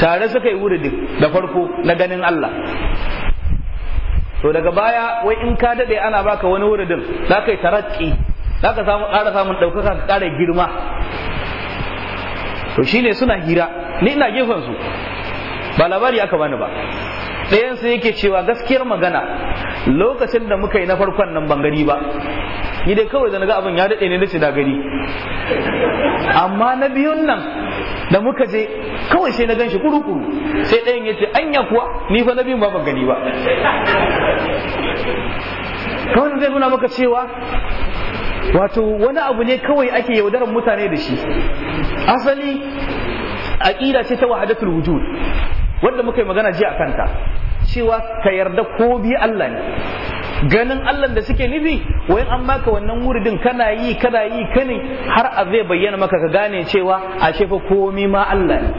tare suka yi wurdi da farko na ganin Allah to daga baya wai in ka dade ana baka wani wuridin za ka yi tarakki za ka samu ƙara samun ɗaukaka ka ƙara girma to shi ne suna hira ni ina gefen su ba labari aka bani ba ɗayan su yake cewa gaskiyar magana lokacin da muka yi na farkon nan ban gari ba ni dai kawai da ga abin ya daɗe ne na ce da gani amma na biyun nan da muka je kawai sai na gan shi kuru-kuru sai ɗayan ya ce anya kuwa ni fa na bi ba gani ba kawai zai nuna maka cewa wato wani abu ne kawai ake yaudarar mutane da shi asali aƙida ce ta wahadatul wujud wanda muka yi magana jiya a kanta cewa ka yarda ko bi Allah ne ganin Allah da suke nufi wai an maka wannan wuridin kana yi kana yi kane har a zai bayyana maka ka gane cewa a shefa komi ma Allah ne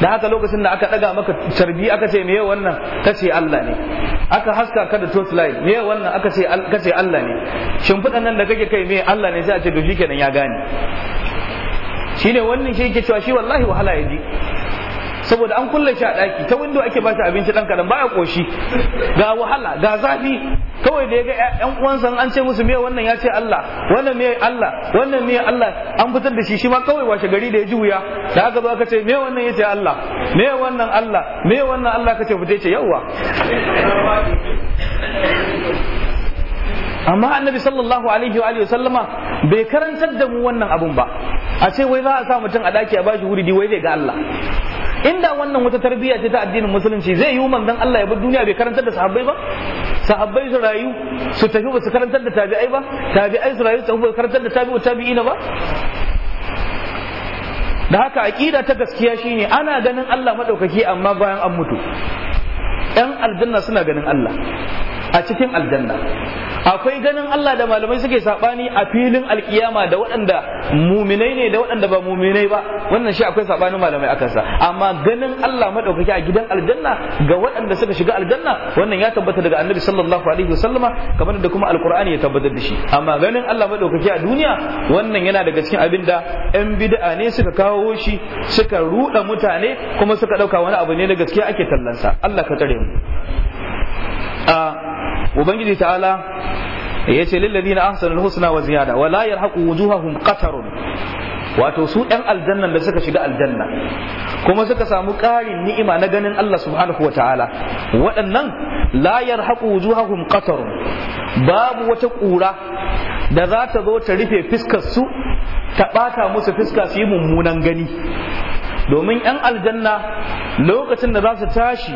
da haka lokacin da aka daga maka tarbi aka ce meye wannan ka ce Allah ne aka haska ka da torch light meye wannan aka ce ka ce Allah ne shimfiɗan nan da kake kai meye Allah ne sai a ce to shikenan ya gane shine wannan shi yake cewa shi wallahi wahala ya ji saboda an kulle shi a ɗaki ta windo ake ba shi abinci ɗan kaɗan baya ƙoshi ga wahala ga zafi kawai da ya ga ƴan uwansa an ce musu me wannan ya ce Allah wannan me Allah wannan me Allah an fitar da shi shi ma kawai washe gari da ya ji wuya da aka zo aka ce me wannan ya ce Allah me wannan Allah me wannan Allah kace fite ce yawa amma annabi sallallahu alaihi wa sallama bai karantar da mu wannan abun ba a ce wai za a sa mutum a daki a bashi wuridi wai zai ga Allah inda wannan wata tarbiyya ce ta addinin musulunci zai yi manzon Allah ya bar duniya bai karantar da sahabbai ba sahabbai su rayu su tafi ba su karantar da tabi'ai ba tabi'ai su rayu su tafi ba karantar da tabi'u tabi'ina ba da haka aqida ta gaskiya shine ana ganin Allah madaukaki amma bayan an mutu yan aljanna suna ganin Allah a cikin aljanna akwai ganin Allah da malamai suke sabani a filin alkiyama da waɗanda muminai ne da waɗanda ba muminai ba wannan shi akwai sabanin malamai sa amma ganin Allah madaukaki a gidan aljanna ga waɗanda suka shiga aljanna wannan ya tabbata daga annabi sallallahu alaihi wasallama kamar da kuma alqur'ani ya tabbatar da shi amma ganin Allah madaukaki a duniya wannan yana daga cikin abin da yan bid'a ne suka kawo shi suka ruɗa mutane kuma suka ɗauka wani abu ne na gaskiya ake tallansa Allah ka tsare mu ah, ubangiji ta'ala ya ce lillazina ahsanul husna wa ziyada wa la yarhaqu wujuhahum qatarun wato su ɗan aljannan da suka shiga aljanna kuma suka samu ƙarin ni'ima na ganin Allah subhanahu wa ta'ala waɗannan la yarhaqu wujuhahum qatarun babu wata ƙura da za ta zo ta rufe fuskar su ta ɓata musu fiska su yi mummunan gani domin 'yan aljanna lokacin da za su tashi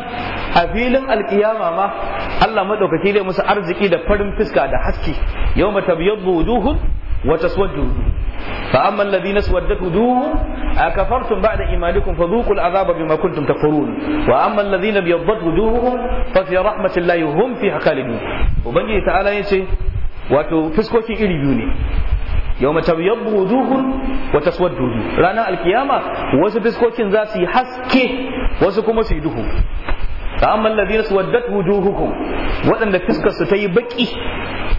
a filin alkiyama ma Allah maɗaukaki zai musu arziki da farin fuska da haske yau mata biyar wujuhun wata suwajju fa amma alladhina suwaddat wujuhum akafartum ba'da imanikum fadhuqul azaba bima kuntum takfurun wa amma alladhina biyaddat wujuhum fa fi rahmatillahi hum fiha khalidun ubangiji ta'ala yace wato fuskokin iri biyu ne yawma buhu wujuhun wa dudu ranar alkiyama wasu fiskokin za su yi haske wasu kuma su yi duhu fa amma su suwaddat wujuhukum waɗanda fuskar su ta yi baki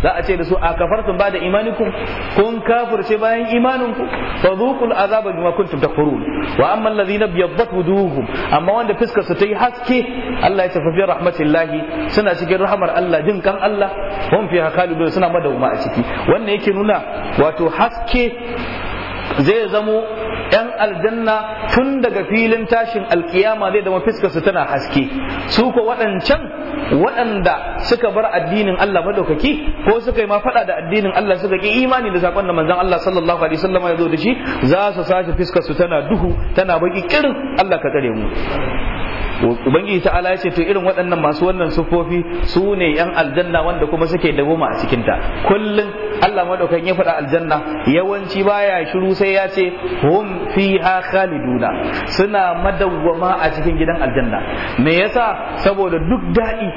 za a ce da su a kafartun ba da imanikum kun kafirce bayan imaninku fa dhuqul azaba bima kuntum takfurun wa amma alladhina biyaddat wujuhuhum amma wanda fuskar su ta yi haske Allah ya tafi fa rahmatillahi suna cikin rahmar Allah jin kan Allah hum fiha khalidun suna madawma a ciki wannan yake nuna wato haske zai zamo 'yan aljanna tun daga filin tashin alkiyama zai zama su tana haske su ko waɗancan waɗanda suka bar addinin Allah madaukaki ko suka yi ma faɗa da addinin Allah suka ki imani da sakon da manzon Allah sallallahu alaihi wasallam ya zo da shi za su sace su tana duhu tana baki kirin Allah ka tsare mu ubangiji ta'ala ya ce to irin waɗannan masu wannan sufofi su ne yan aljanna wanda kuma suke dawoma a cikinta kullum Allah madaukan ya faɗa aljanna yawanci baya shiru sai ya ce hum fiha khaliduna suna madawwama a cikin gidan aljanna me yasa saboda duk daɗi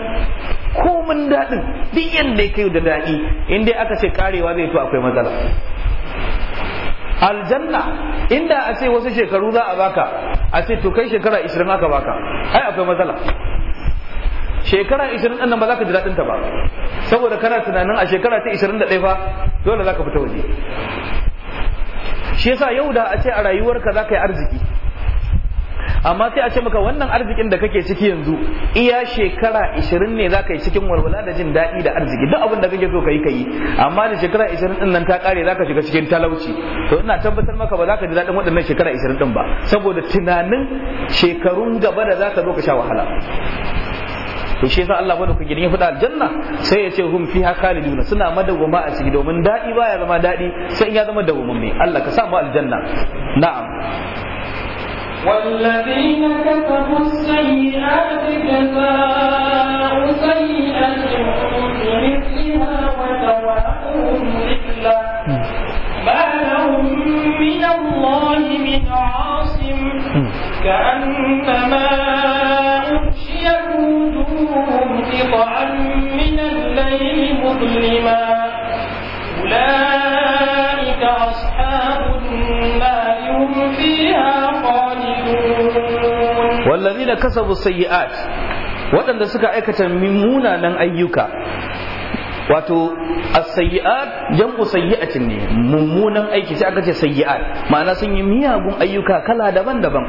komin daɗin duk yanda ya kai da daɗi in dai aka ce karewa zai to akwai matsala aljanna inda a ce wasu shekaru za a baka a ce to kai shekara 20 aka baka ai akwai matsala shekara 20 ɗan nan ba za ka ji daɗinta ba saboda kana tunanin a shekara ta 21 fa dole za ka fita waje shi yasa yau da a ce a rayuwarka za ka yi arziki amma sai a ce maka wannan arzikin da kake ciki yanzu iya shekara 20 ne za ka yi cikin walwala da jin daɗi da arziki duk abin da kake so ka yi ka yi amma da shekara 20 din nan ta kare za ka shiga cikin talauci to ina tabbatar maka ba za ka ji daɗin waɗannan shekara 20 din ba saboda tunanin shekarun gaba da za ka zo ka sha wahala to shi yasa Allah bada ku gidan ya fada aljanna sai ya ce hum fiha khaliduna suna madawwama a ciki domin dadi baya zama dadi sai ya zama dawwamamme Allah ka sa mu aljanna na'am والذين كسبوا السيئات جزاء سيئة بمثلها وتوافهم ذلة ما لهم من الله من عاصم كأنما مسلما أولئك أصحاب النار هم فيها خالدون والذين كسبوا السيئات waɗanda suka aikata munanan ayyuka wato as-sayyi'at jam'u sayyi'atin ne mummunan aiki sai aka ce sayyi'at ma'ana sun yi miyagun ayyuka kala daban-daban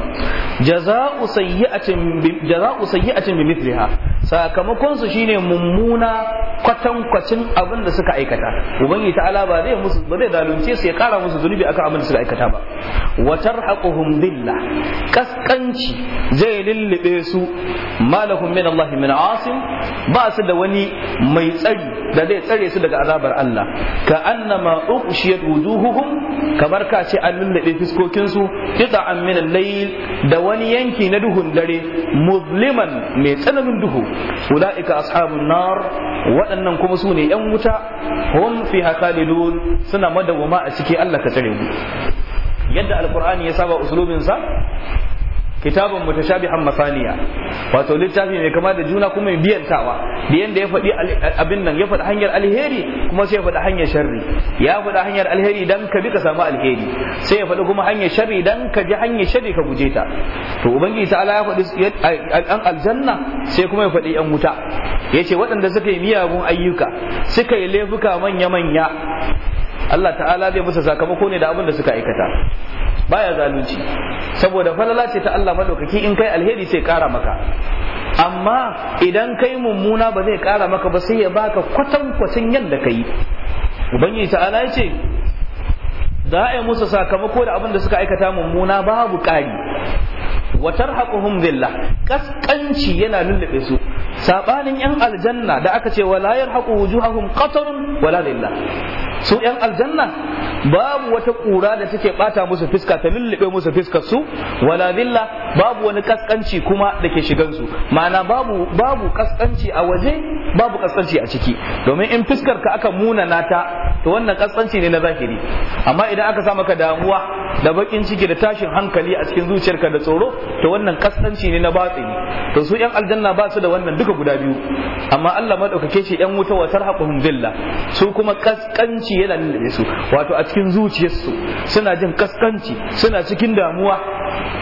jaza'u sayyi'atin jaza'u sayyi'atin bi mithliha sakamakonsu shine mummuna kwatankwacin abin da suka aikata ubangi ta'ala ba zai musu ba zai zalunce su ya kara musu zunubi akan abin da suka aikata ba watar tarhaquhum dilla kaskanci zai lullube su malahum min Allah min asim ba su da wani mai tsari da zai tsare su daga azabar Allah ka annama uqshiyat wujuhuhum kamar ka ce an lullube fiskokin su qita'an min al-layl da wani yanki na duhun dare muzliman mai tsananin duhu ulaika ashabun nawar waɗannan kuma sune ne yan wuta hum fiha khalidun suna madawwama a ciki Allah ka tsare yadda alqur'ani ya saba usulubin kitabun mutashabihan masaniya wato littafi mai kama da juna kuma mai biyantawa da yanda ya faɗi abin nan ya faɗi hanyar alheri kuma sai ya faɗi hanyar sharri ya faɗi hanyar alheri dan ka bi ka samu alheri sai ya faɗi kuma hanyar sharri dan ka ji hanyar sharri ka guje ta to ubangiji ta'ala ya faɗi an aljanna sai kuma ya faɗi yan wuta ya ce waɗanda suka yi miyagun ayyuka suka yi laifuka manya manya Allah ta'ala zai musu sakamako ne da abin da suka aikata baya zalunci saboda falala ce ta Allah madaukaki in kai alheri sai kara maka amma idan kai mummuna ba zai kara maka ba sai ya baka kwatan kwatan yadda kai ubangiji ta ya ce za a yi musu sakamako da abin da suka aikata mummuna babu kari. watar haƙuhum zilla ƙasƙanci yana lullube su sabanin yan aljanna da aka ce wala yarhaqu wujuhahum qatarun wala lillah su yan aljanna babu wata kura da take bata musu fiska ta lullube musu fuskar su wala lillah babu wani kaskanci kuma da ke shigan su ma'ana babu babu kaskanci a waje babu kaskanci a ciki domin in fiskar ka aka muna nata to wannan kaskanci ne na zahiri amma idan aka sa maka damuwa da bakin ciki da tashin hankali a cikin zuciyarka da tsoro to wannan kaskanci ne na batini to su yan aljanna ba su da wannan duk duka guda biyu amma Allah madaukake shi yan wuta wasar tarhaquhum zilla su kuma kaskanci yana lallabe su wato a cikin zuciyarsu suna jin kaskanci suna cikin damuwa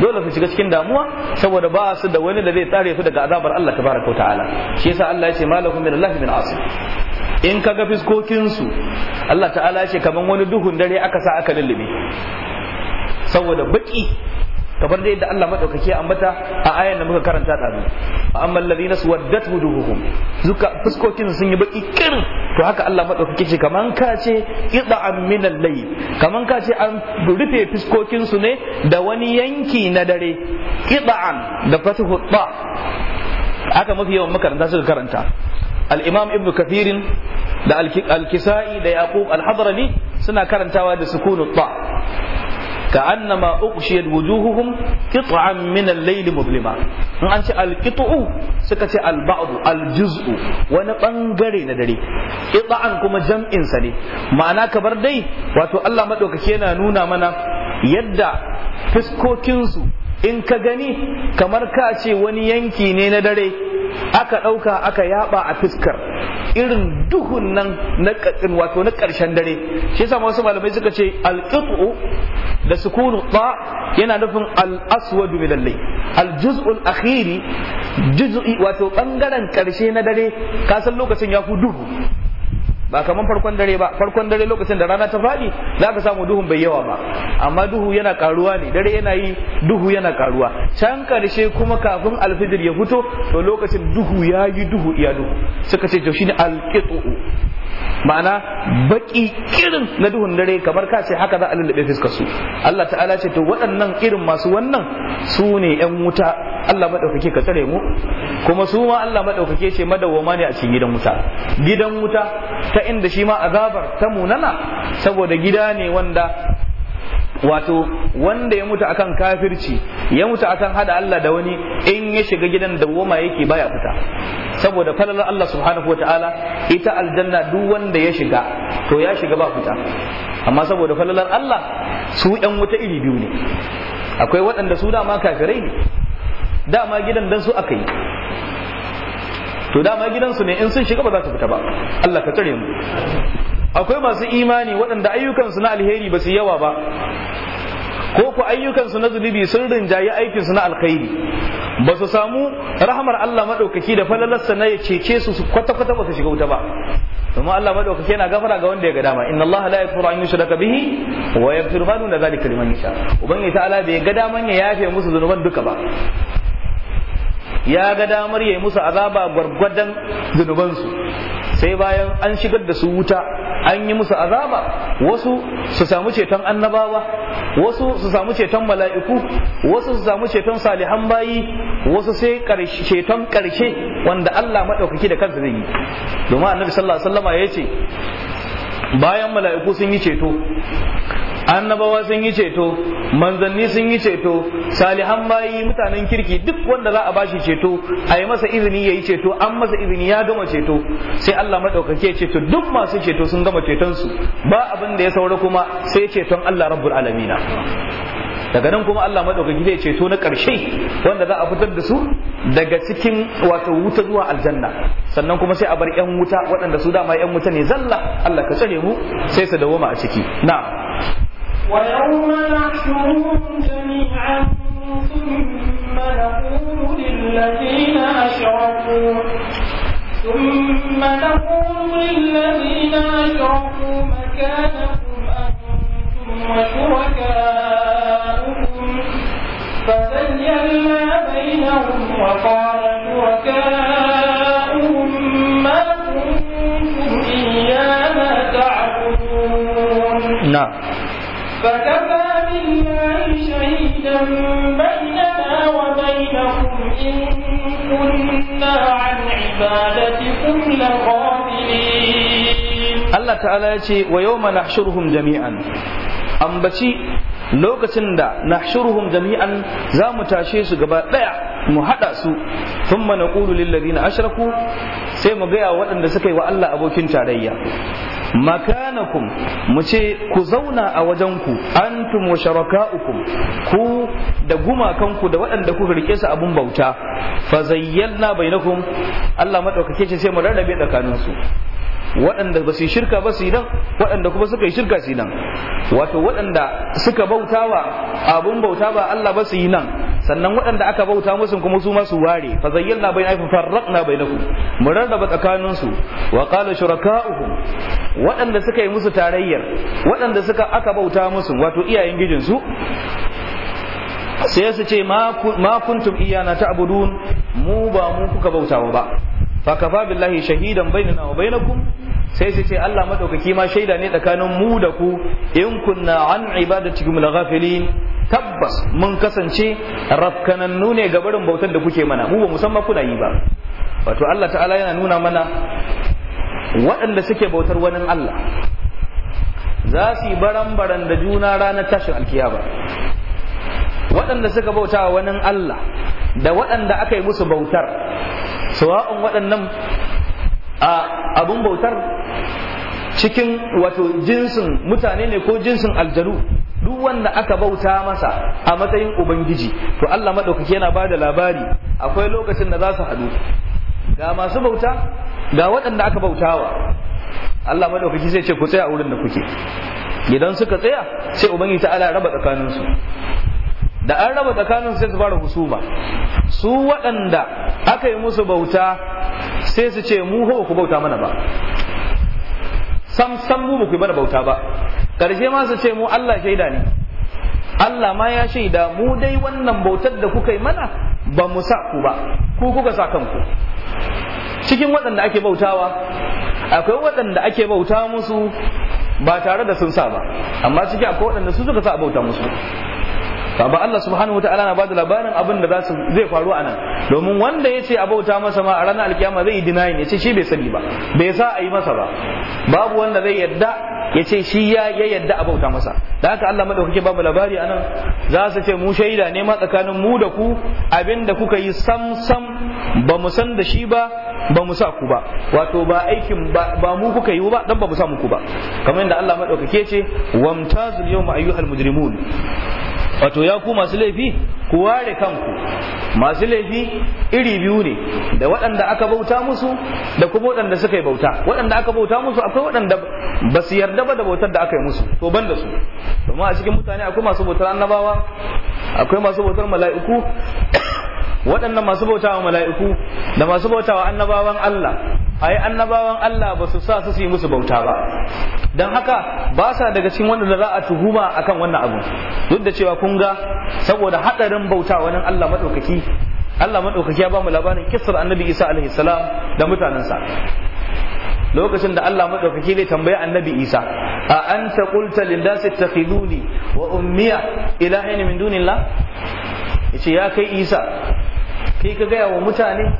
dole su shiga cikin damuwa saboda ba su da wani da zai tsare su daga azabar Allah tabaraka ta'ala shi yasa Allah ya ce malakum min Allah min asir in kaga fiskokinsu Allah ta'ala ya ce kaman wani duhun dare aka sa aka lullube saboda baki kamar da yadda Allah madaukake ambata a ayan da muka karanta da su amma alladhina suwaddat wujuhuhum zuka fuskokin sun yi baki kirin. to haka Allah madaukake ce kaman ka ce an min al-layl kaman ka ce an rufe fuskokin su ne da wani yanki na dare ida'an da fatihu ta haka mafi yawan makaranta suka karanta al-imam ibnu kathirin da al-kisa'i da yaqub al-hadrami suna karantawa da sukunu ta ka'annama uqshiyat wujuhuhum qit'an min al-layli mublima in an ce al-qit'u suka ce al-ba'du al-juz'u wani bangare na dare qit'an kuma jam'in sa ne ma'ana kabar dai wato Allah madaukake yana nuna mana yadda fiskokinsu in ka gani kamar ka ce wani yanki ne na dare aka ɗauka aka yaba a fiskar irin duhun nan na wato na ƙarshen dare shi yasa wasu malamai suka ce alƙitu da sukunu ba yana nufin al-aswadu min al-layl al akhiri juz'i wato ɓangaren ƙarshe na dare kasan lokacin ya fi duhu ba kamar farkon dare ba farkon dare lokacin da rana ta faɗi za ka samu duhun bai yawa ba amma duhu yana karuwa ne dare yana yi duhu yana karuwa can karshe kuma kafin alfijir ya fito to lokacin duhu ya yi duhu iya duhu suka ce to shine alqitu ma'ana baki kirin na duhun dare kamar ka ce haka za a lullube fuskar su Allah ta'ala ce to waɗannan irin masu wannan su ne yan wuta Allah madaukake ka tsare mu kuma su ma Allah madaukake ce madawwama ne a cikin gidan wuta gidan wuta ta inda shi ma azabar ta munana saboda gida ne wanda wato wanda ya mutu akan kafirci ya mutu akan hada Allah da wani in ya shiga gidan da woma yake baya fita saboda falalar Allah subhanahu wataala ita aljanna duk wanda ya shiga to ya shiga ba fita amma saboda falalar Allah su yan wuta iri biyu ne akwai waɗanda su dama kafirai ne dama gidan dan su aka yi to dama gidansu ne in sun shiga ba za su fita ba Allah ka tsare mu akwai masu imani waɗanda ayyukansu na alheri ba su yawa ba ko ku ayyukansu na zunubi sun rinjaye aikinsu na alkhairi ba su samu rahmar Allah maɗaukaki da falalarsa na ya cece su su kwata-kwata ba su shiga wuta ba domin Allah maɗaukaki yana gafara ga wanda ya ga dama inna Allah la yaghfiru an yushraka bihi wa yaghfiru ma duna zalika liman yasha ta'ala bai ga daman ya yafe musu zunuban duka ba ya ga damar yayi musu azaba gwargwadon zunubansu sai bayan an shigar da su wuta an yi musu azaba wasu su samu ceton annabawa wasu su samu ceton mala'iku wasu su samu ceton salihan bayi wasu sai ceton karshe wanda Allah maɗaukaki da kansa zai yi domin annabi sallallahu alaihi wasallama ya ce bayan mala'iku sun yi ceto annabawa sun yi ceto manzanni sun yi ceto salihan bayi mutanen kirki duk wanda za a bashi ceto a yi masa izini ya yi ceto an masa izini ya gama ceto sai Allah maɗaukake ceto duk masu ceto sun gama cetonsu ba abin da ya saura kuma sai ceton Allah rabbul alamina daga nan kuma Allah maɗaukaki zai ceto na ƙarshe wanda za a fitar da su daga cikin wato wuta zuwa aljanna sannan kuma sai a bar yan wuta waɗanda su dama yan wuta ne zalla Allah ka tsare mu sai su ma a ciki na ويوم نحشرهم جميعا ثم نقول للذين أشركوا ثم نقول للذين أشركوا مكانكم أنتم وشركاؤكم فزيلنا بينهم وقال شركاؤكم عبادتكم لغافلين الله تعالى يتي ويوم نحشرهم جميعا أنبتي lokacin da nahshuruhum jami'an za mu tashe su gaba ɗaya mu haɗa su thumma ƙulu lil na ashraku sai mu gaya waɗanda suka yi wa Allah abokin tarayya makanakum mu ce ku zauna a wajenku antum wa sharaka'ukum ku da gumakanku da waɗanda ku rike su abun bauta fa zayyana bainakum Allah madaukake ce sai mu rarrabe tsakaninsu waɗanda ba su yi shirka ba su yi nan waɗanda kuma suka yi shirka su yi nan wato waɗanda suka bauta wa abun bauta ba Allah ba su yi nan sannan waɗanda aka bauta musu kuma su masu su ware fa zayyana bai aifu farraqna bainakum mu rarraba tsakanin su wa qala shuraka'uhum waɗanda suka yi musu tarayyar waɗanda suka aka bauta musu wato iyayen gijin su sai su ce ma kuntum iyana ta'budun mu ba mu kuka bautawa ba fa kafa billahi shahidan bainana wa bainakum sai su ce Allah madaukaki ma shaida ne tsakanin mu da ku in kunna an ibadatikum laghafilin tabbas mun kasance rafkanannu ne ga barin bautar da kuke mana mu ba musamman kuna yi ba wato Allah ta'ala yana nuna mana waɗanda suke bautar wani Allah za su yi baran-baran da juna ranar tashin alkiyama waɗanda suka bauta wa wani Allah da waɗanda aka yi musu bautar sawa'un waɗannan a abun bautar cikin wato jinsin mutane ne ko jinsin aljanu duk wanda aka bauta masa a matsayin ubangiji to Allah maɗaukaki yana ba da labari akwai lokacin da za su haɗu ga masu bauta ga waɗanda aka bautawa Allah maɗaukaki zai ce ku tsaya a wurin da kuke idan suka tsaya sai ubangiji ta'ala raba tsakaninsu da an raba tsakanin sai su fara husuma su waɗanda aka yi musu bauta sai su ce mu ba ku bauta mana ba sam sam mu ba ku bada mana bauta ba ƙarshe ma su ce mu Allah shaida ne Allah ma ya shaida mu dai wannan bautar da kuka yi mana ba mu sa ku ba ku kuka sa kanku cikin waɗanda ake bautawa akwai waɗanda ake bauta musu ba tare da sun sa ba amma cikin akwai waɗanda su suka sa a bauta musu ba Allah subhanahu wataala na bada labarin abin da zasu zai faru a nan domin wanda yace a bauta masa ma a ranar alkiyama zai deny ne ce shi bai sani ba bai sa a yi masa ba babu wanda zai yadda yace shi ya ya yadda a bauta masa da haka Allah madaukake babu labari anan za su ce mu shaida ne ma tsakanin mu da ku abin da kuka yi sam sam ba mu san da shi ba ba mu sa ku ba wato ba aikin ba mu kuka yi ba dan ba mu sa muku ba kamar yadda Allah madaukake ce wamtazul yawma ayyuhal mujrimun wato ya ku masu laifi ku ware kanku masu laifi iri biyu ne da waɗanda aka bauta musu da kuma waɗanda suka yi bauta waɗanda aka bauta musu akwai waɗanda ba su yarda ba da bautar da aka yi musu to ban da su amma a cikin mutane akwai masu bautar annabawa akwai masu bautar mala'iku (coughs) waɗannan masu bautawa mala'iku da masu bautawa annabawan Allah ai annabawan Allah ba su sa su yi musu bauta ba don haka ba sa daga cikin wanda za a tuhuma akan wannan abu duk da cewa kun ga saboda hadarin bauta wani Allah madaukaki Allah madaukaki ya ba mu labarin kisar annabi Isa alaihi salam da mutanensa lokacin da Allah madaukaki zai tambayi annabi Isa a anta qulta lindas ittakhiduni wa ummiya ilahin min dunillah yace ya kai Isa kai ka gaya wa mutane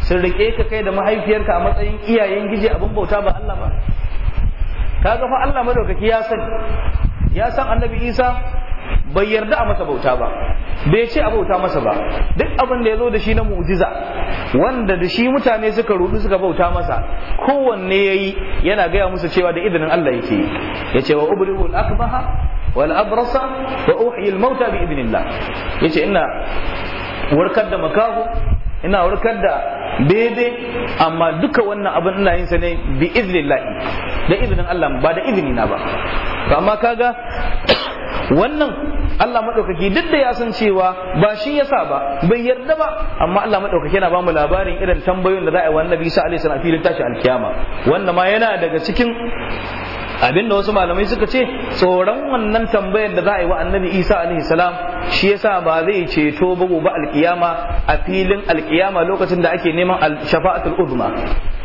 sun rike ka kai da mahaifiyarka a matsayin iyayen giji abin bauta ba Allah ba ga fa Allah madaukaki ya sani ya san annabi Isa bai yarda a masa bauta ba bai ce a bauta masa ba duk abin da ya zo da shi na mu'jiza wanda da shi mutane suka rudu suka bauta masa kowanne yayi yana gaya musu cewa da idinin Allah yake yi yace wa ubrihu al-akbaha wal abrasa wa uhyi mauta bi idnillah yace ina warkar da makahu ina warkar da daidai amma duka wannan abin ina yin sa ne bi la'i da izinin Allah ba da izini na ba to amma kaga (coughs) wannan Allah maɗaukaki duk da ya san cewa ba shi yasa ba bai yarda ba amma Allah maɗaukaki yana bamu labarin irin tambayoyin da za a yi wa Annabi Isa alaihi filin tashi alkiyama wannan ma yana daga cikin abinda wasu malamai suka ce tsoron wannan tambayar da za a yi wa annabi isa alaihi salam shi yasa ba zai ceto ba gobe alkiyama a filin alkiyama lokacin da ake neman shafa'atul uzma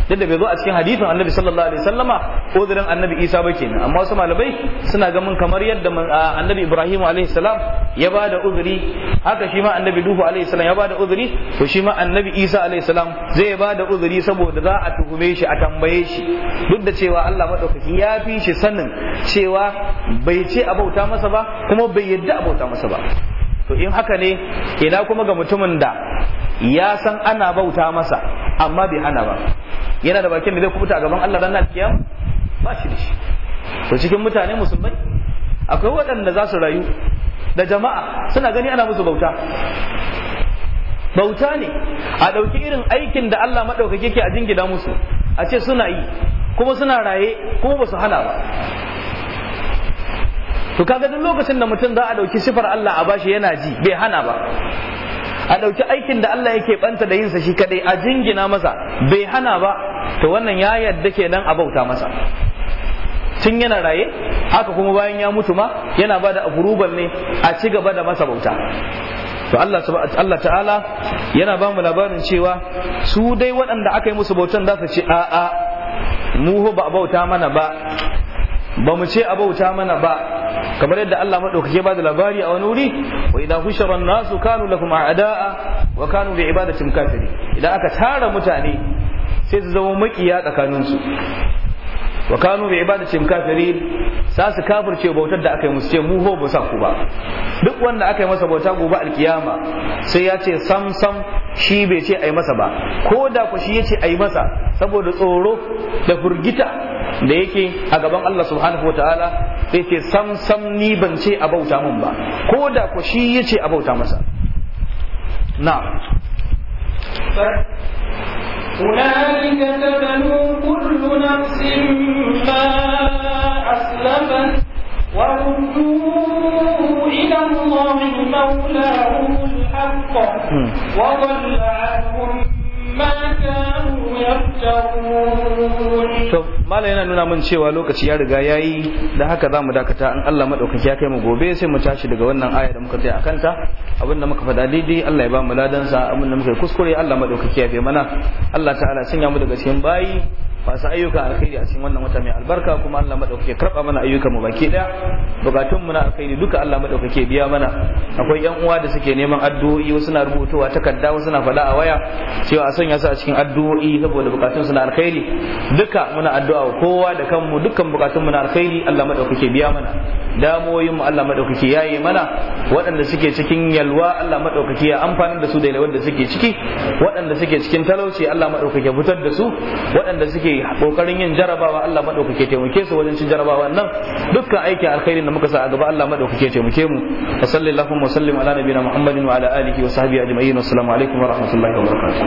duk da bai zo a cikin hadithin annabi sallallahu alaihi sallama uzurin annabi isa ba kenan amma wasu malamai suna ganin kamar yadda uh, annabi ibrahim alaihi salam ya ba da uzuri haka shi ma annabi duhu alayhi salam ya ba da uzuri to shi ma annabi isa alayhi salam zai ba da uzuri saboda za a tuhume shi a tambaye shi duk da cewa Allah madaukaki ya fi shi sanin cewa bai ce a bauta masa ba kuma bai yadda a bauta masa ba to in haka ne ina kuma ga mutumin da ya san ana bauta masa amma bai hana ba yana da bakin da zai kubuta gaban Allah ranar kiyama ba shi da shi to cikin mutane musulmai akwai waɗanda za su rayu da jama'a suna gani ana musu bauta bauta ne a ɗauki irin aikin da Allah maɗaukaki ke a jingida musu a ce suna yi kuma suna raye kuma ba su hana ba to kaga duk lokacin da mutum za a ɗauki sifar Allah a bashi yana ji bai hana ba a ɗauki aikin da Allah yake ɓanta da yinsa shi kadai a jingina masa bai hana ba to wannan ya yadda kenan a bauta masa tun yana raye haka kuma bayan ya mutu ma yana bada aguruban ne a ci gaba da masa bauta to Allah Allah ta'ala yana ba mu labarin cewa su dai waɗanda aka yi musu bautan za su ce a a mu ba bauta mana ba ba mu ce a bauta mana ba kamar yadda Allah madaukake ba da labari a wani wuri wa idan hushara nasu kanu lakum a'da'a wa kanu bi ibadatin kafiri idan aka tara mutane sai su zama makiya tsakaninsu wa kanu bi ibadatihim kafirin sa su kafirce bautar da aka yi musu ce mu ho ba ku ba duk wanda aka yi masa bauta gobe alkiyama sai ya ce sam sam shi bai ce ai masa ba ko da ku shi ya ce ai masa saboda tsoro da furgita da yake a gaban Allah subhanahu wataala sai ce sam sam ni ban ce a bauta mun ba ko da ku shi ya ce a bauta masa na'am هنالك تبلو كل نفس ما أسلفت وردوا إلى الله مولاهم الحق وضل عنهم ما كانوا to mallam yana nuna min cewa lokaci ya riga yayi da haka zamu dakata an Allah madaukaki ya kai mu gobe sai mu tashi daga wannan aya da muka tsaya akan ta abinda muka fada daidai Allah ya ba mu ladan sa abinda muka kuskure Allah madaukaki ya fi mana Allah ta'ala ya mu daga cikin bayi masu ayyuka alkhairi a cikin wannan wata mai albarka kuma Allah madaukake karba mana ayyukan mu baki daya bukatun mu na alkhairi duka Allah madaukake biya mana akwai yan uwa da suke neman addu'o'i wasu na rubutowa takarda wasu na faɗa a waya cewa a sanya su a cikin addu'o'i saboda bukatun su na alkhairi duka muna addu'a kowa da kanmu dukkan bukatun mu na alkhairi Allah madaukake biya mana damoyin mu Allah madaukake yaye mana waɗanda suke cikin yalwa Allah madaukake ya amfanar da su da yalwar da suke ciki waɗanda suke cikin talauci Allah madaukake fitar da su waɗanda suke kokarin yin jarabawa Allah madaukake taimake su wajen cin jarabawa nan dukkan aikin alkhairi da muka sa a gaba Allah madaukake taimake mu sallallahu alaihi wa sallam ala nabiyina muhammadin wa ala alihi wa sahbihi ajma'in assalamu alaikum wa rahmatullahi wa barakatuh